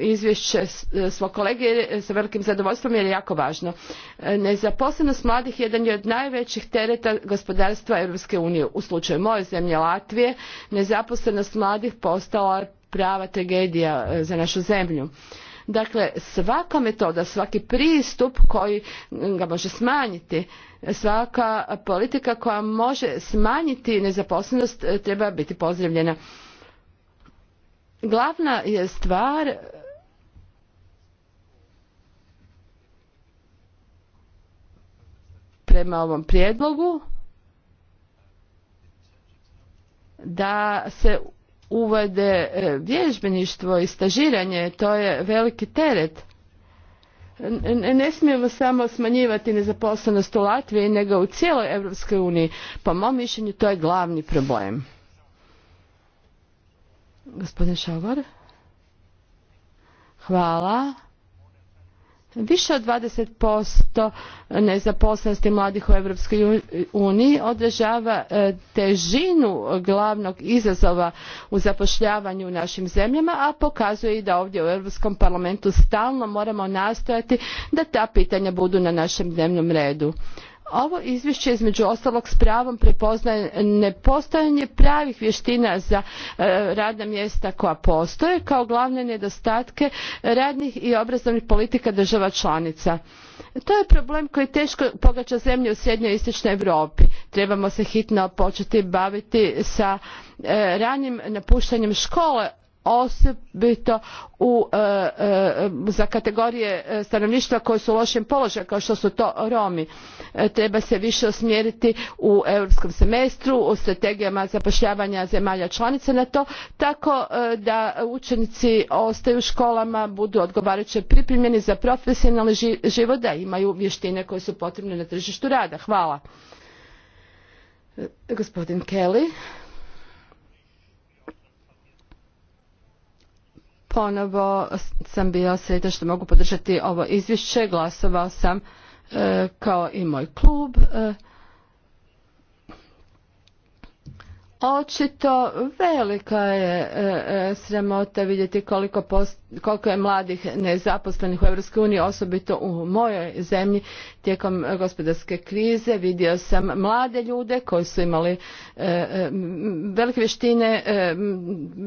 izvješće e, svog kolege sa velikim zadovoljstvom jer je jako važno. E, nezaposlenost mladih jedan je od najvećih tereta gospodarstva Europske unije. U slučaju moje zemlje Latvije nezaposlenost mladih postala prava tragedija e, za našu zemlju. Dakle, svaka metoda, svaki pristup koji ga može smanjiti, svaka politika koja može smanjiti nezaposlenost treba biti pozdravljena glavna je stvar prema ovom prijedlogu da se uvode e, vježbeništvo i stažiranje to je veliki teret ne smijemo samo smanjivati nezaposlenost u Latviji nego u cijeloj Europskoj uniji po mom mišljenju to je glavni problem Gospodin Šogor. Hvala. Više od 20% nezaposlenosti mladih u Europskoj uniji održava e, težinu glavnog izazova u zapošljavanju u našim zemljama, a pokazuje i da ovdje u Europskom parlamentu stalno moramo nastojati da ta pitanja budu na našem dnevnom redu. Ovo izvješće između ostalog s pravom prepoznaje nepostojanje pravih vještina za e, radna mjesta koja postoje kao glavne nedostatke radnih i obrazovnih politika država članica. To je problem koji teško pogađa zemlje u srednjoj i istočnoj Europi. Trebamo se hitno početi baviti sa e, ranim napuštanjem škole osobito e, e, za kategorije e, stanovništva koje su u lošem položaju kao što su to romi. treba se više usmjeriti u europskom semestru u strategijama zapošljavanja zemalja članica na to tako da učenici ostaju u školama budu odgovarajuće pripremljeni za profesionalni život da imaju vještine koje su potrebne na tržištu rada. hvala. gospodin kelly Ponovo sam bio sretan što mogu podržati ovo izvješće. Glasovao sam e, kao i moj klub. E, Očito velika je e, e sramota vidjeti koliko, koliko je mladih nezaposlenih u EU, osobito u mojoj zemlji tijekom gospodarske krize. Vidio sam mlade ljude koji su imali e, e, velike vještine,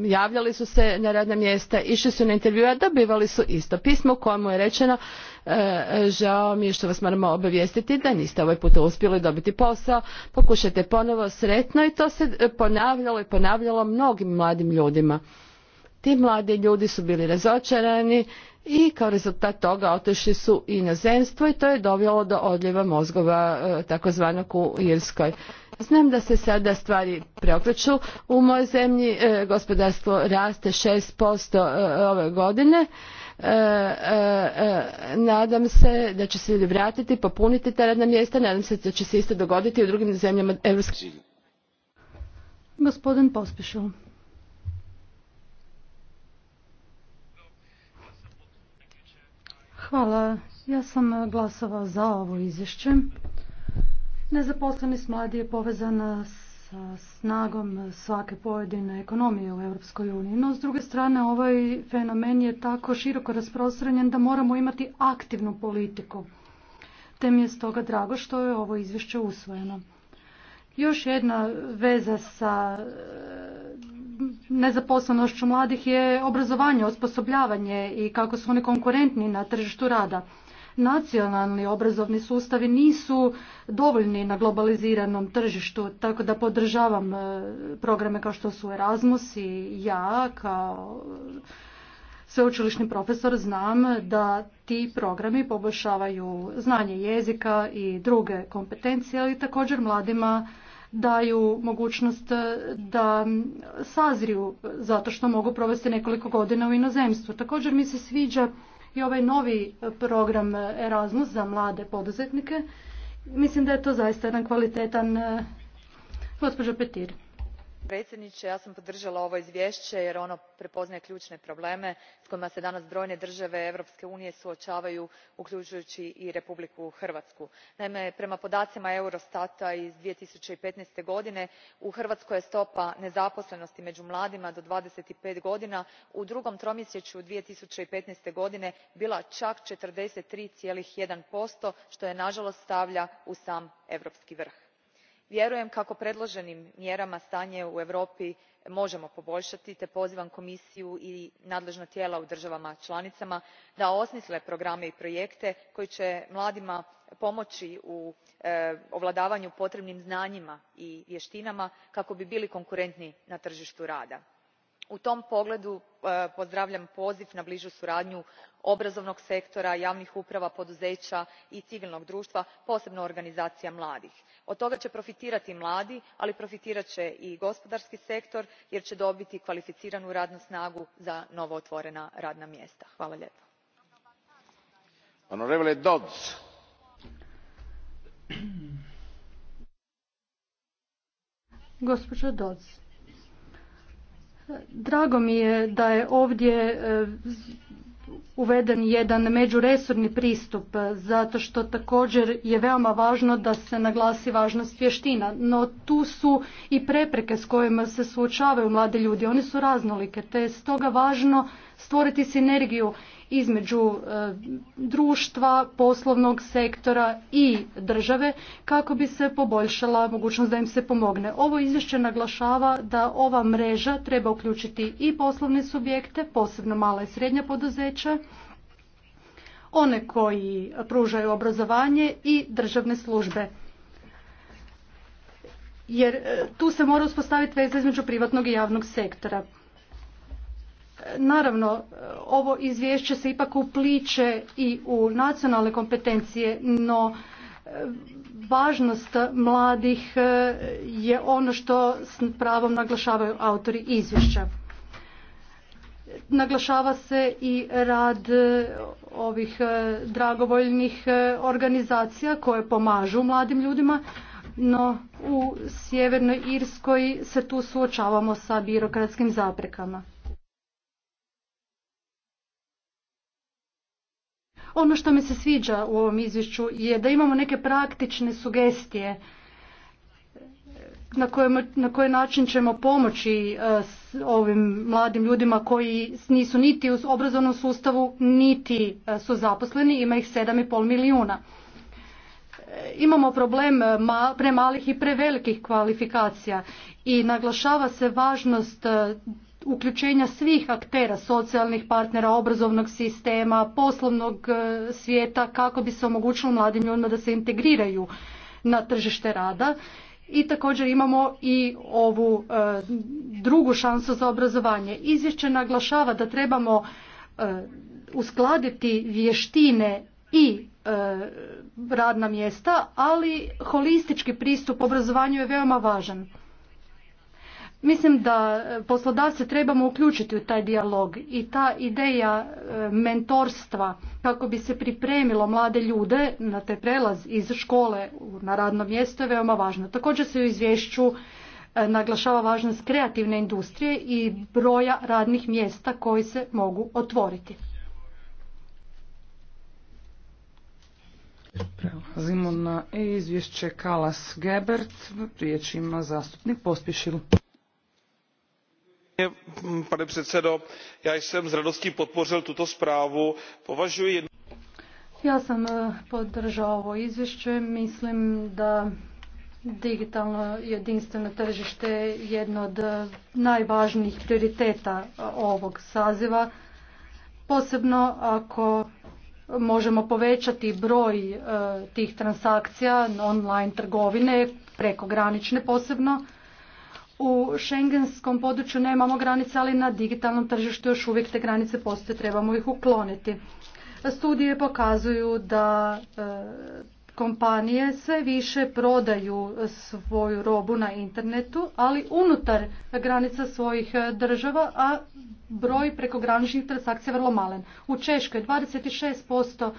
javljali su se na radna mjesta, išli su na intervjua, dobivali su isto pismo u kojemu je rečeno E, žao mi je što vas moramo obavijestiti da niste ovaj put uspjeli dobiti posao. Pokušajte ponovo sretno i to se e, ponavljalo i ponavljalo mnogim mladim ljudima. Ti mladi ljudi su bili razočarani i kao rezultat toga otišli su i inozemstvo i to je dovelo do odljeva mozgova e, takozvanog u Irskoj. Znam da se sada stvari preokreću. U mojoj zemlji gospodarstvo raste 6% ove godine. E, e, e, nadam se da će se ljudi vratiti, popuniti ta radna mjesta, nadam se da će se isto dogoditi i u drugim zemljama Evropske. Gospodin Hvala. Ja sam glasovao za ovo izvješće. Nezaposlenost mladi je povezana s sa snagom svake pojedine ekonomije u Europskoj uniji. No, s druge strane, ovaj fenomen je tako široko rasprostranjen da moramo imati aktivnu politiku. Te mi je stoga drago što je ovo izvješće usvojeno. Još jedna veza sa e, nezaposlenošću mladih je obrazovanje, osposobljavanje i kako su oni konkurentni na tržištu rada nacionalni obrazovni sustavi nisu dovoljni na globaliziranom tržištu, tako da podržavam e, programe kao što su Erasmus i ja kao sveučilišni profesor znam da ti programi poboljšavaju znanje jezika i druge kompetencije, ali također mladima daju mogućnost e, da sazriju zato što mogu provesti nekoliko godina u inozemstvu. Također mi se sviđa i ovaj novi program Erasmus za mlade poduzetnike. Mislim da je to zaista jedan kvalitetan... Eh, gospođo Petir predsjednie ja sam podrala ovo izvjee jer ono prepoznaje kljune probleme s kojima se danas brojne drave europske unije suoavaju ukljuujui i republiku hrvatsku. naime prema podacima eurostata iz. two thousand and fifteen godine u hrvatskoj je stopa nezaposlenosti meu mladima do twenty five godina u drugom tromjesečju. two thousand and fifteen godine bila čak forty three one to je nažalost stavlja u sam europski vrh vjerujem kako predloženim mjerama stanje u europi možemo poboljšati te pozivam komisiju i nadležna tijela u državama članicama da osmisle programe i projekte koji će mladima pomoći u e, ovladavanju potrebnim znanjima i vještinama kako bi bili konkurentni na tržištu rada u tom pogledu e, pozdravljam poziv na bližu suradnju obrazovnog sektora javnih uprava poduzeća i civilnog društva posebno organizacija mladih. od toga će profitirati mladi ali profitirat će i gospodarski sektor jer će dobiti kvalificiranu radnu snagu za novo otvorena radna mjesta. hvala Drago mi je da je ovdje e, uveden jedan međuresorni pristup zato što također je veoma važno da se naglasi važnost vještina. No tu su i prepreke s kojima se suočavaju mladi ljudi. Oni su raznolike te je stoga važno stvoriti sinergiju između e, društva, poslovnog sektora i države kako bi se poboljšala mogućnost da im se pomogne. Ovo izvješće naglašava da ova mreža treba uključiti i poslovne subjekte, posebno mala i srednja poduzeća, one koji pružaju obrazovanje i državne službe. Jer e, tu se mora uspostaviti veza između privatnog i javnog sektora. Naravno, ovo izvješće se ipak upliče i u nacionalne kompetencije, no e, važnost mladih e, je ono što s pravom naglašavaju autori izvješća. Naglašava se i rad e, ovih dragovoljnih organizacija koje pomažu mladim ljudima, no u Sjevernoj Irskoj se tu suočavamo sa birokratskim zaprekama. Ono što mi se sviđa u ovom izvješću je da imamo neke praktične sugestije na, koje na koji način ćemo pomoći e, s ovim mladim ljudima koji nisu niti u obrazovnom sustavu, niti e, su zaposleni, ima ih 7,5 milijuna. E, imamo problem premalih i prevelikih kvalifikacija i naglašava se važnost uključenja svih aktera, socijalnih partnera, obrazovnog sistema, poslovnog e, svijeta kako bi se omogućilo mladim ljudima da se integriraju na tržište rada. I također imamo i ovu e, drugu šansu za obrazovanje. Izvješće naglašava da trebamo e, uskladiti vještine i radna mjesta, ali holistički pristup obrazovanju je veoma važan. Mislim da e, poslodavce trebamo uključiti u taj dijalog i ta ideja e, mentorstva kako bi se pripremilo mlade ljude na taj prelaz iz škole na radno mjesto je veoma važna. Također se u izvješću e, naglašava važnost kreativne industrije i broja radnih mjesta koji se mogu otvoriti. Prelazimo na izvješće Kalas Gebert. Riječ ima zastupnik Pospišil pane předsedající ja sam s radostí podpořil tuto zprávu. považuji ja sam e, podržao ovo izvješće. Mislim da digitalno jedinstveno tržište je jedno od e, najvažnijih prioriteta e, ovog saziva, posebno ako možemo povećati broj tih transakcija online trgovine, prekogranične posebno, u Schengenskom području nemamo granice, ali na digitalnom tržištu još uvijek te granice postoje, trebamo ih ukloniti. Studije pokazuju da e, kompanije sve više prodaju svoju robu na internetu, ali unutar granica svojih država, a broj prekograničnih transakcija je vrlo malen. U Češkoj 26%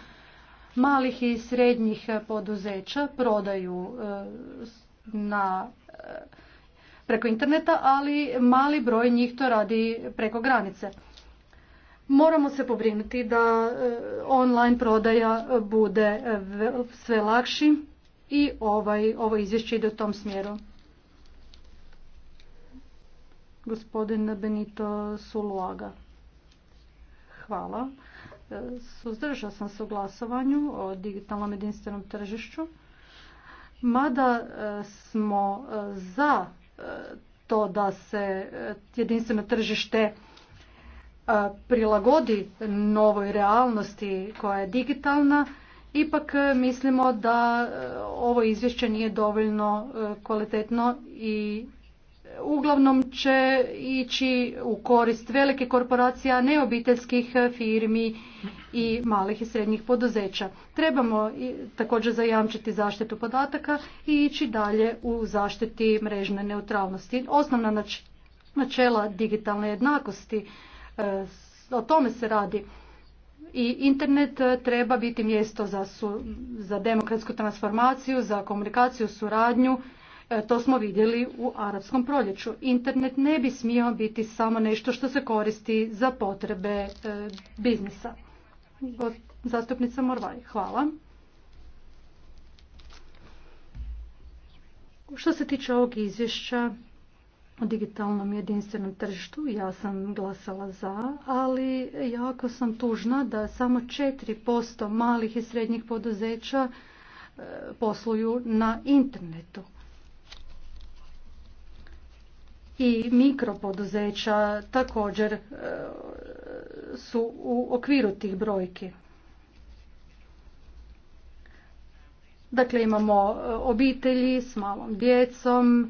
malih i srednjih poduzeća prodaju e, na preko interneta, ali mali broj njih to radi preko granice. Moramo se pobrinuti da e, online prodaja bude e, sve lakši i ovaj, ovo izvješće ide u tom smjeru. Gospodin Benito Suluaga. Hvala. E, suzdržao sam se u glasovanju o digitalnom jedinstvenom tržištu. Mada smo za to da se e, jedinstveno tržište e, prilagodi novoj realnosti koja je digitalna, ipak e, mislimo da ovo izvješće nije dovoljno kvalitetno i uglavnom će ići u korist velike korporacija, neobiteljskih firmi i malih i srednjih poduzeća. Trebamo također zajamčiti zaštitu podataka i ići dalje u zaštiti mrežne neutralnosti. Osnovna načela digitalne jednakosti, e, o tome se radi. I internet e, treba biti mjesto za, za demokratsku transformaciju, za komunikaciju, suradnju, e, to smo vidjeli u arapskom proljeću. Internet ne bi smio biti samo nešto što se koristi za potrebe biznisa. Zastupnica Morvaj, hvala. Što se tiče ovog izvješća o digitalnom jedinstvenom tržištu, ja sam glasala za, ali jako sam tužna da samo 4% malih i srednjih poduzeća e, posluju na internetu. I mikropoduzeća također e, su u okviru tih brojki. Dakle, imamo e, obitelji s malom djecom,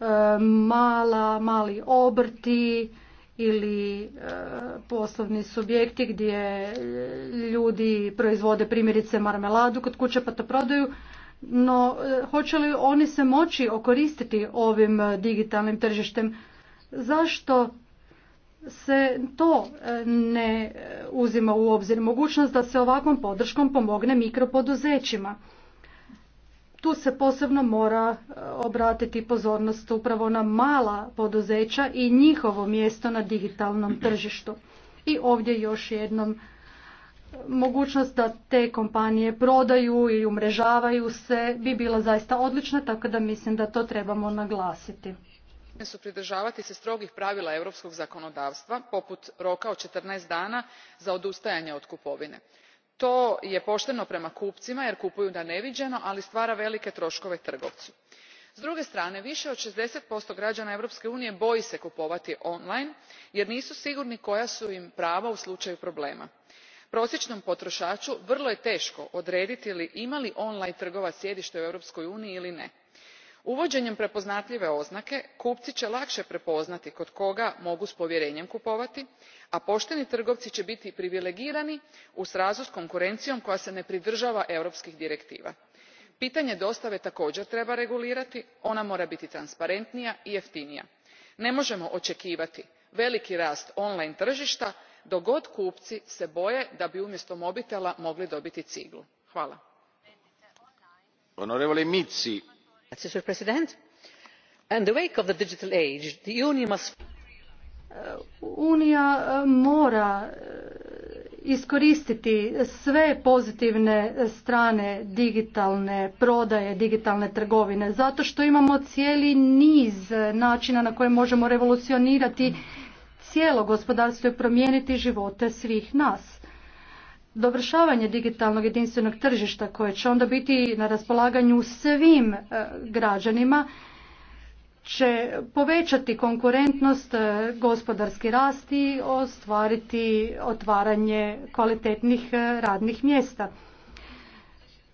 e, mala, mali obrti ili e, poslovni subjekti gdje ljudi proizvode primjerice marmeladu kod kuće pa to prodaju. No, hoće li oni se moći okoristiti ovim digitalnim tržištem? Zašto se to e, ne e, uzima u obzir. Mogućnost da se ovakvom podrškom pomogne mikropoduzećima. Tu se posebno mora e, obratiti pozornost upravo na mala poduzeća i njihovo mjesto na digitalnom tržištu. I ovdje još jednom mogućnost da te kompanije prodaju i umrežavaju se bi bila zaista odlična, tako da mislim da to trebamo naglasiti. Ne su pridržavati se strogih pravila europskog zakonodavstva poput roka od četrnaest dana za odustajanje od kupovine. to je pošteno prema kupcima jer kupuju na neviđeno ali stvara velike troškove trgovcu. s druge strane više od sixty građana europske unije boji se kupovati online jer nisu sigurni koja su im prava u slučaju problema. prosječnom potrošaču vrlo je teško odrediti ima li online trgovac sjedište u europskoj uniji ili ne. Uvođenjem prepoznatljive oznake kupci će lakše prepoznati kod koga mogu s povjerenjem kupovati a pošteni trgovci će biti privilegirani u srazu s konkurencijom koja se ne pridržava europskih direktiva. pitanje dostave također treba regulirati ona mora biti transparentnija i jeftinija. ne možemo očekivati veliki rast online tržišta dok god kupci se boje da bi umjesto mobitela mogli dobiti ciglu. hvala president unija mora iskoristiti sve pozitivne strane digitalne prodaje digitalne trgovine zato što imamo cijeli niz uh, načina na koje možemo revolucionirati cijelo gospodarstvo i promijeniti živote svih nas dovršavanje digitalnog jedinstvenog tržišta koje će onda biti na raspolaganju svim e, građanima će povećati konkurentnost, e, gospodarski rast i ostvariti otvaranje kvalitetnih e, radnih mjesta.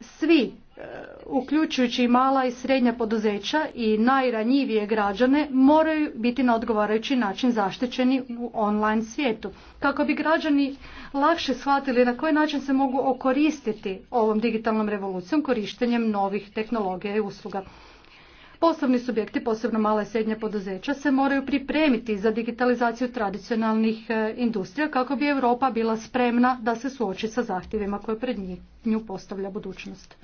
Svi uključujući i mala i srednja poduzeća i najranjivije građane moraju biti na odgovarajući način zaštićeni u online svijetu. Kako bi građani lakše shvatili na koji način se mogu okoristiti ovom digitalnom revolucijom korištenjem novih tehnologija i usluga. Poslovni subjekti, posebno mala i srednja poduzeća, se moraju pripremiti za digitalizaciju tradicionalnih e, industrija kako bi Europa bila spremna da se suoči sa zahtjevima koje pred nju postavlja budućnost.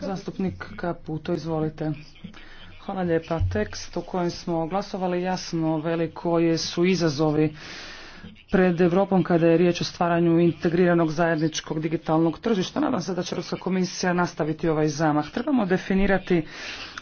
Zastupnik Kaputo, izvolite. Hvala lijepa. Tekst o kojem smo glasovali jasno veliko su izazovi pred Europom kada je riječ o stvaranju integriranog zajedničkog digitalnog tržišta. Nadam se da će Europska komisija nastaviti ovaj zamah. Trebamo definirati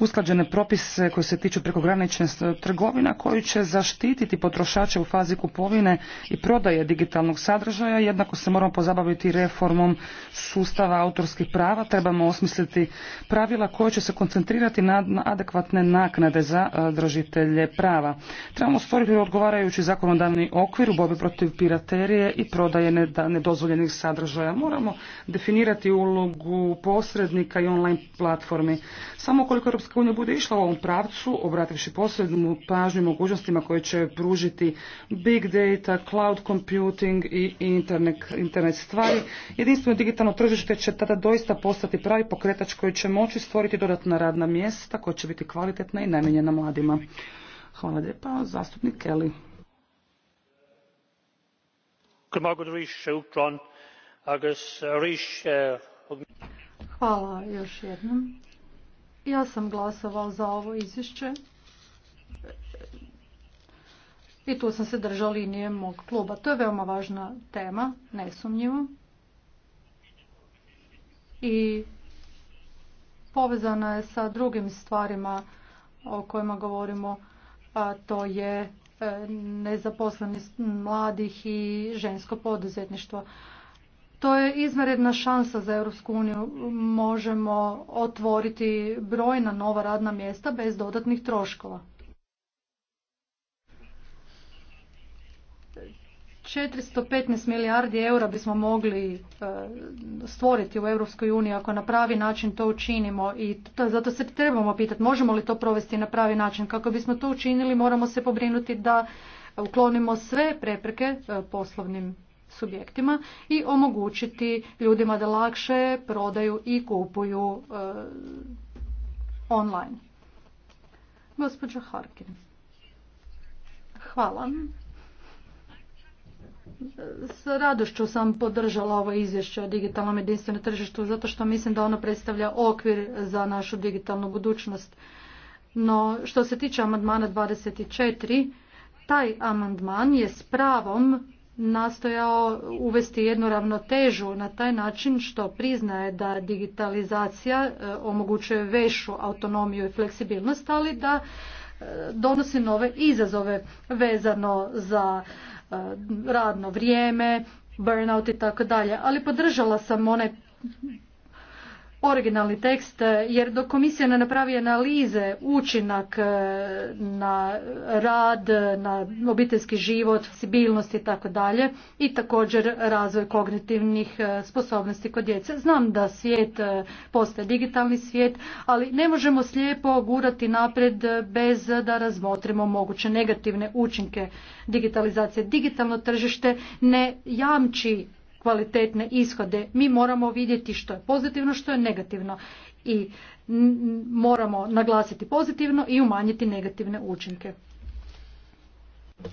usklađene propise koji se tiču prekogranične trgovina koji će zaštititi potrošače u fazi kupovine i prodaje digitalnog sadržaja. Jednako se moramo pozabaviti reformom sustava autorskih prava. Trebamo osmisliti pravila koje će se koncentrirati na adekvatne naknade za držitelje prava. Trebamo stvoriti odgovarajući zakonodavni okvir u borbi protiv protiv piraterije i prodaje nedozvoljenih sadržaja. Moramo definirati ulogu posrednika i online platformi. Samo koliko Europska unija bude išla u ovom pravcu, obrativši posebnu pažnju mogućnostima koje će pružiti big data, cloud computing i internet, internet stvari, jedinstveno digitalno tržište će tada doista postati pravi pokretač koji će moći stvoriti dodatna radna mjesta koja će biti kvalitetna i namijenjena mladima. Hvala lijepa, zastupnik Kelly. Uh, uh, Hvala još jednom. Ja sam glasovao za ovo izvješće i tu sam se držao linije mog kluba. To je veoma važna tema, nesumnjivo. I povezana je sa drugim stvarima o kojima govorimo, a to je E, nezaposlenost mladih i žensko poduzetništvo. To je izvanredna šansa za Europsku uniju. Možemo otvoriti brojna nova radna mjesta bez dodatnih troškova. 415 milijardi eura bismo mogli e, stvoriti u EU ako na pravi način to učinimo i zato se trebamo pitati možemo li to provesti na pravi način. Kako bismo to učinili moramo se pobrinuti da uklonimo sve prepreke e, poslovnim subjektima i omogućiti ljudima da lakše prodaju i kupuju e, online. Gospođo Harkin. Hvala s radošću sam podržala ovo izvješće o digitalnom jedinstvenom tržištu zato što mislim da ono predstavlja okvir za našu digitalnu budućnost. No što se tiče amandmana 24, taj amandman je s pravom nastojao uvesti jednu ravnotežu na taj način što priznaje da digitalizacija e, omogućuje vešu autonomiju i fleksibilnost, ali da e, donosi nove izazove vezano za radno vrijeme, burnout i tako dalje. Ali podržala sam one originalni tekst e, jer dok komisija ne napravi analize učinak e, na rad, na obiteljski život, sibilnost i tako dalje i također razvoj kognitivnih e, sposobnosti kod djece. Znam da svijet postaje digitalni svijet, ali ne možemo slijepo gurati napred bez da razmotrimo moguće negativne učinke digitalizacije. Digitalno tržište ne jamči kvalitetne ishode. Mi moramo vidjeti što je pozitivno, što je negativno i moramo naglasiti pozitivno i umanjiti negativne učinke.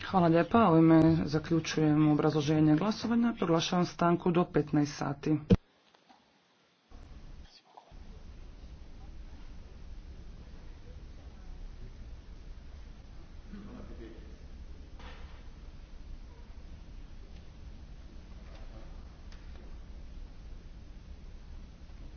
Hvala lijepa. Ovime zaključujem obrazloženje glasovanja. Proglašavam stanku do 15 sati.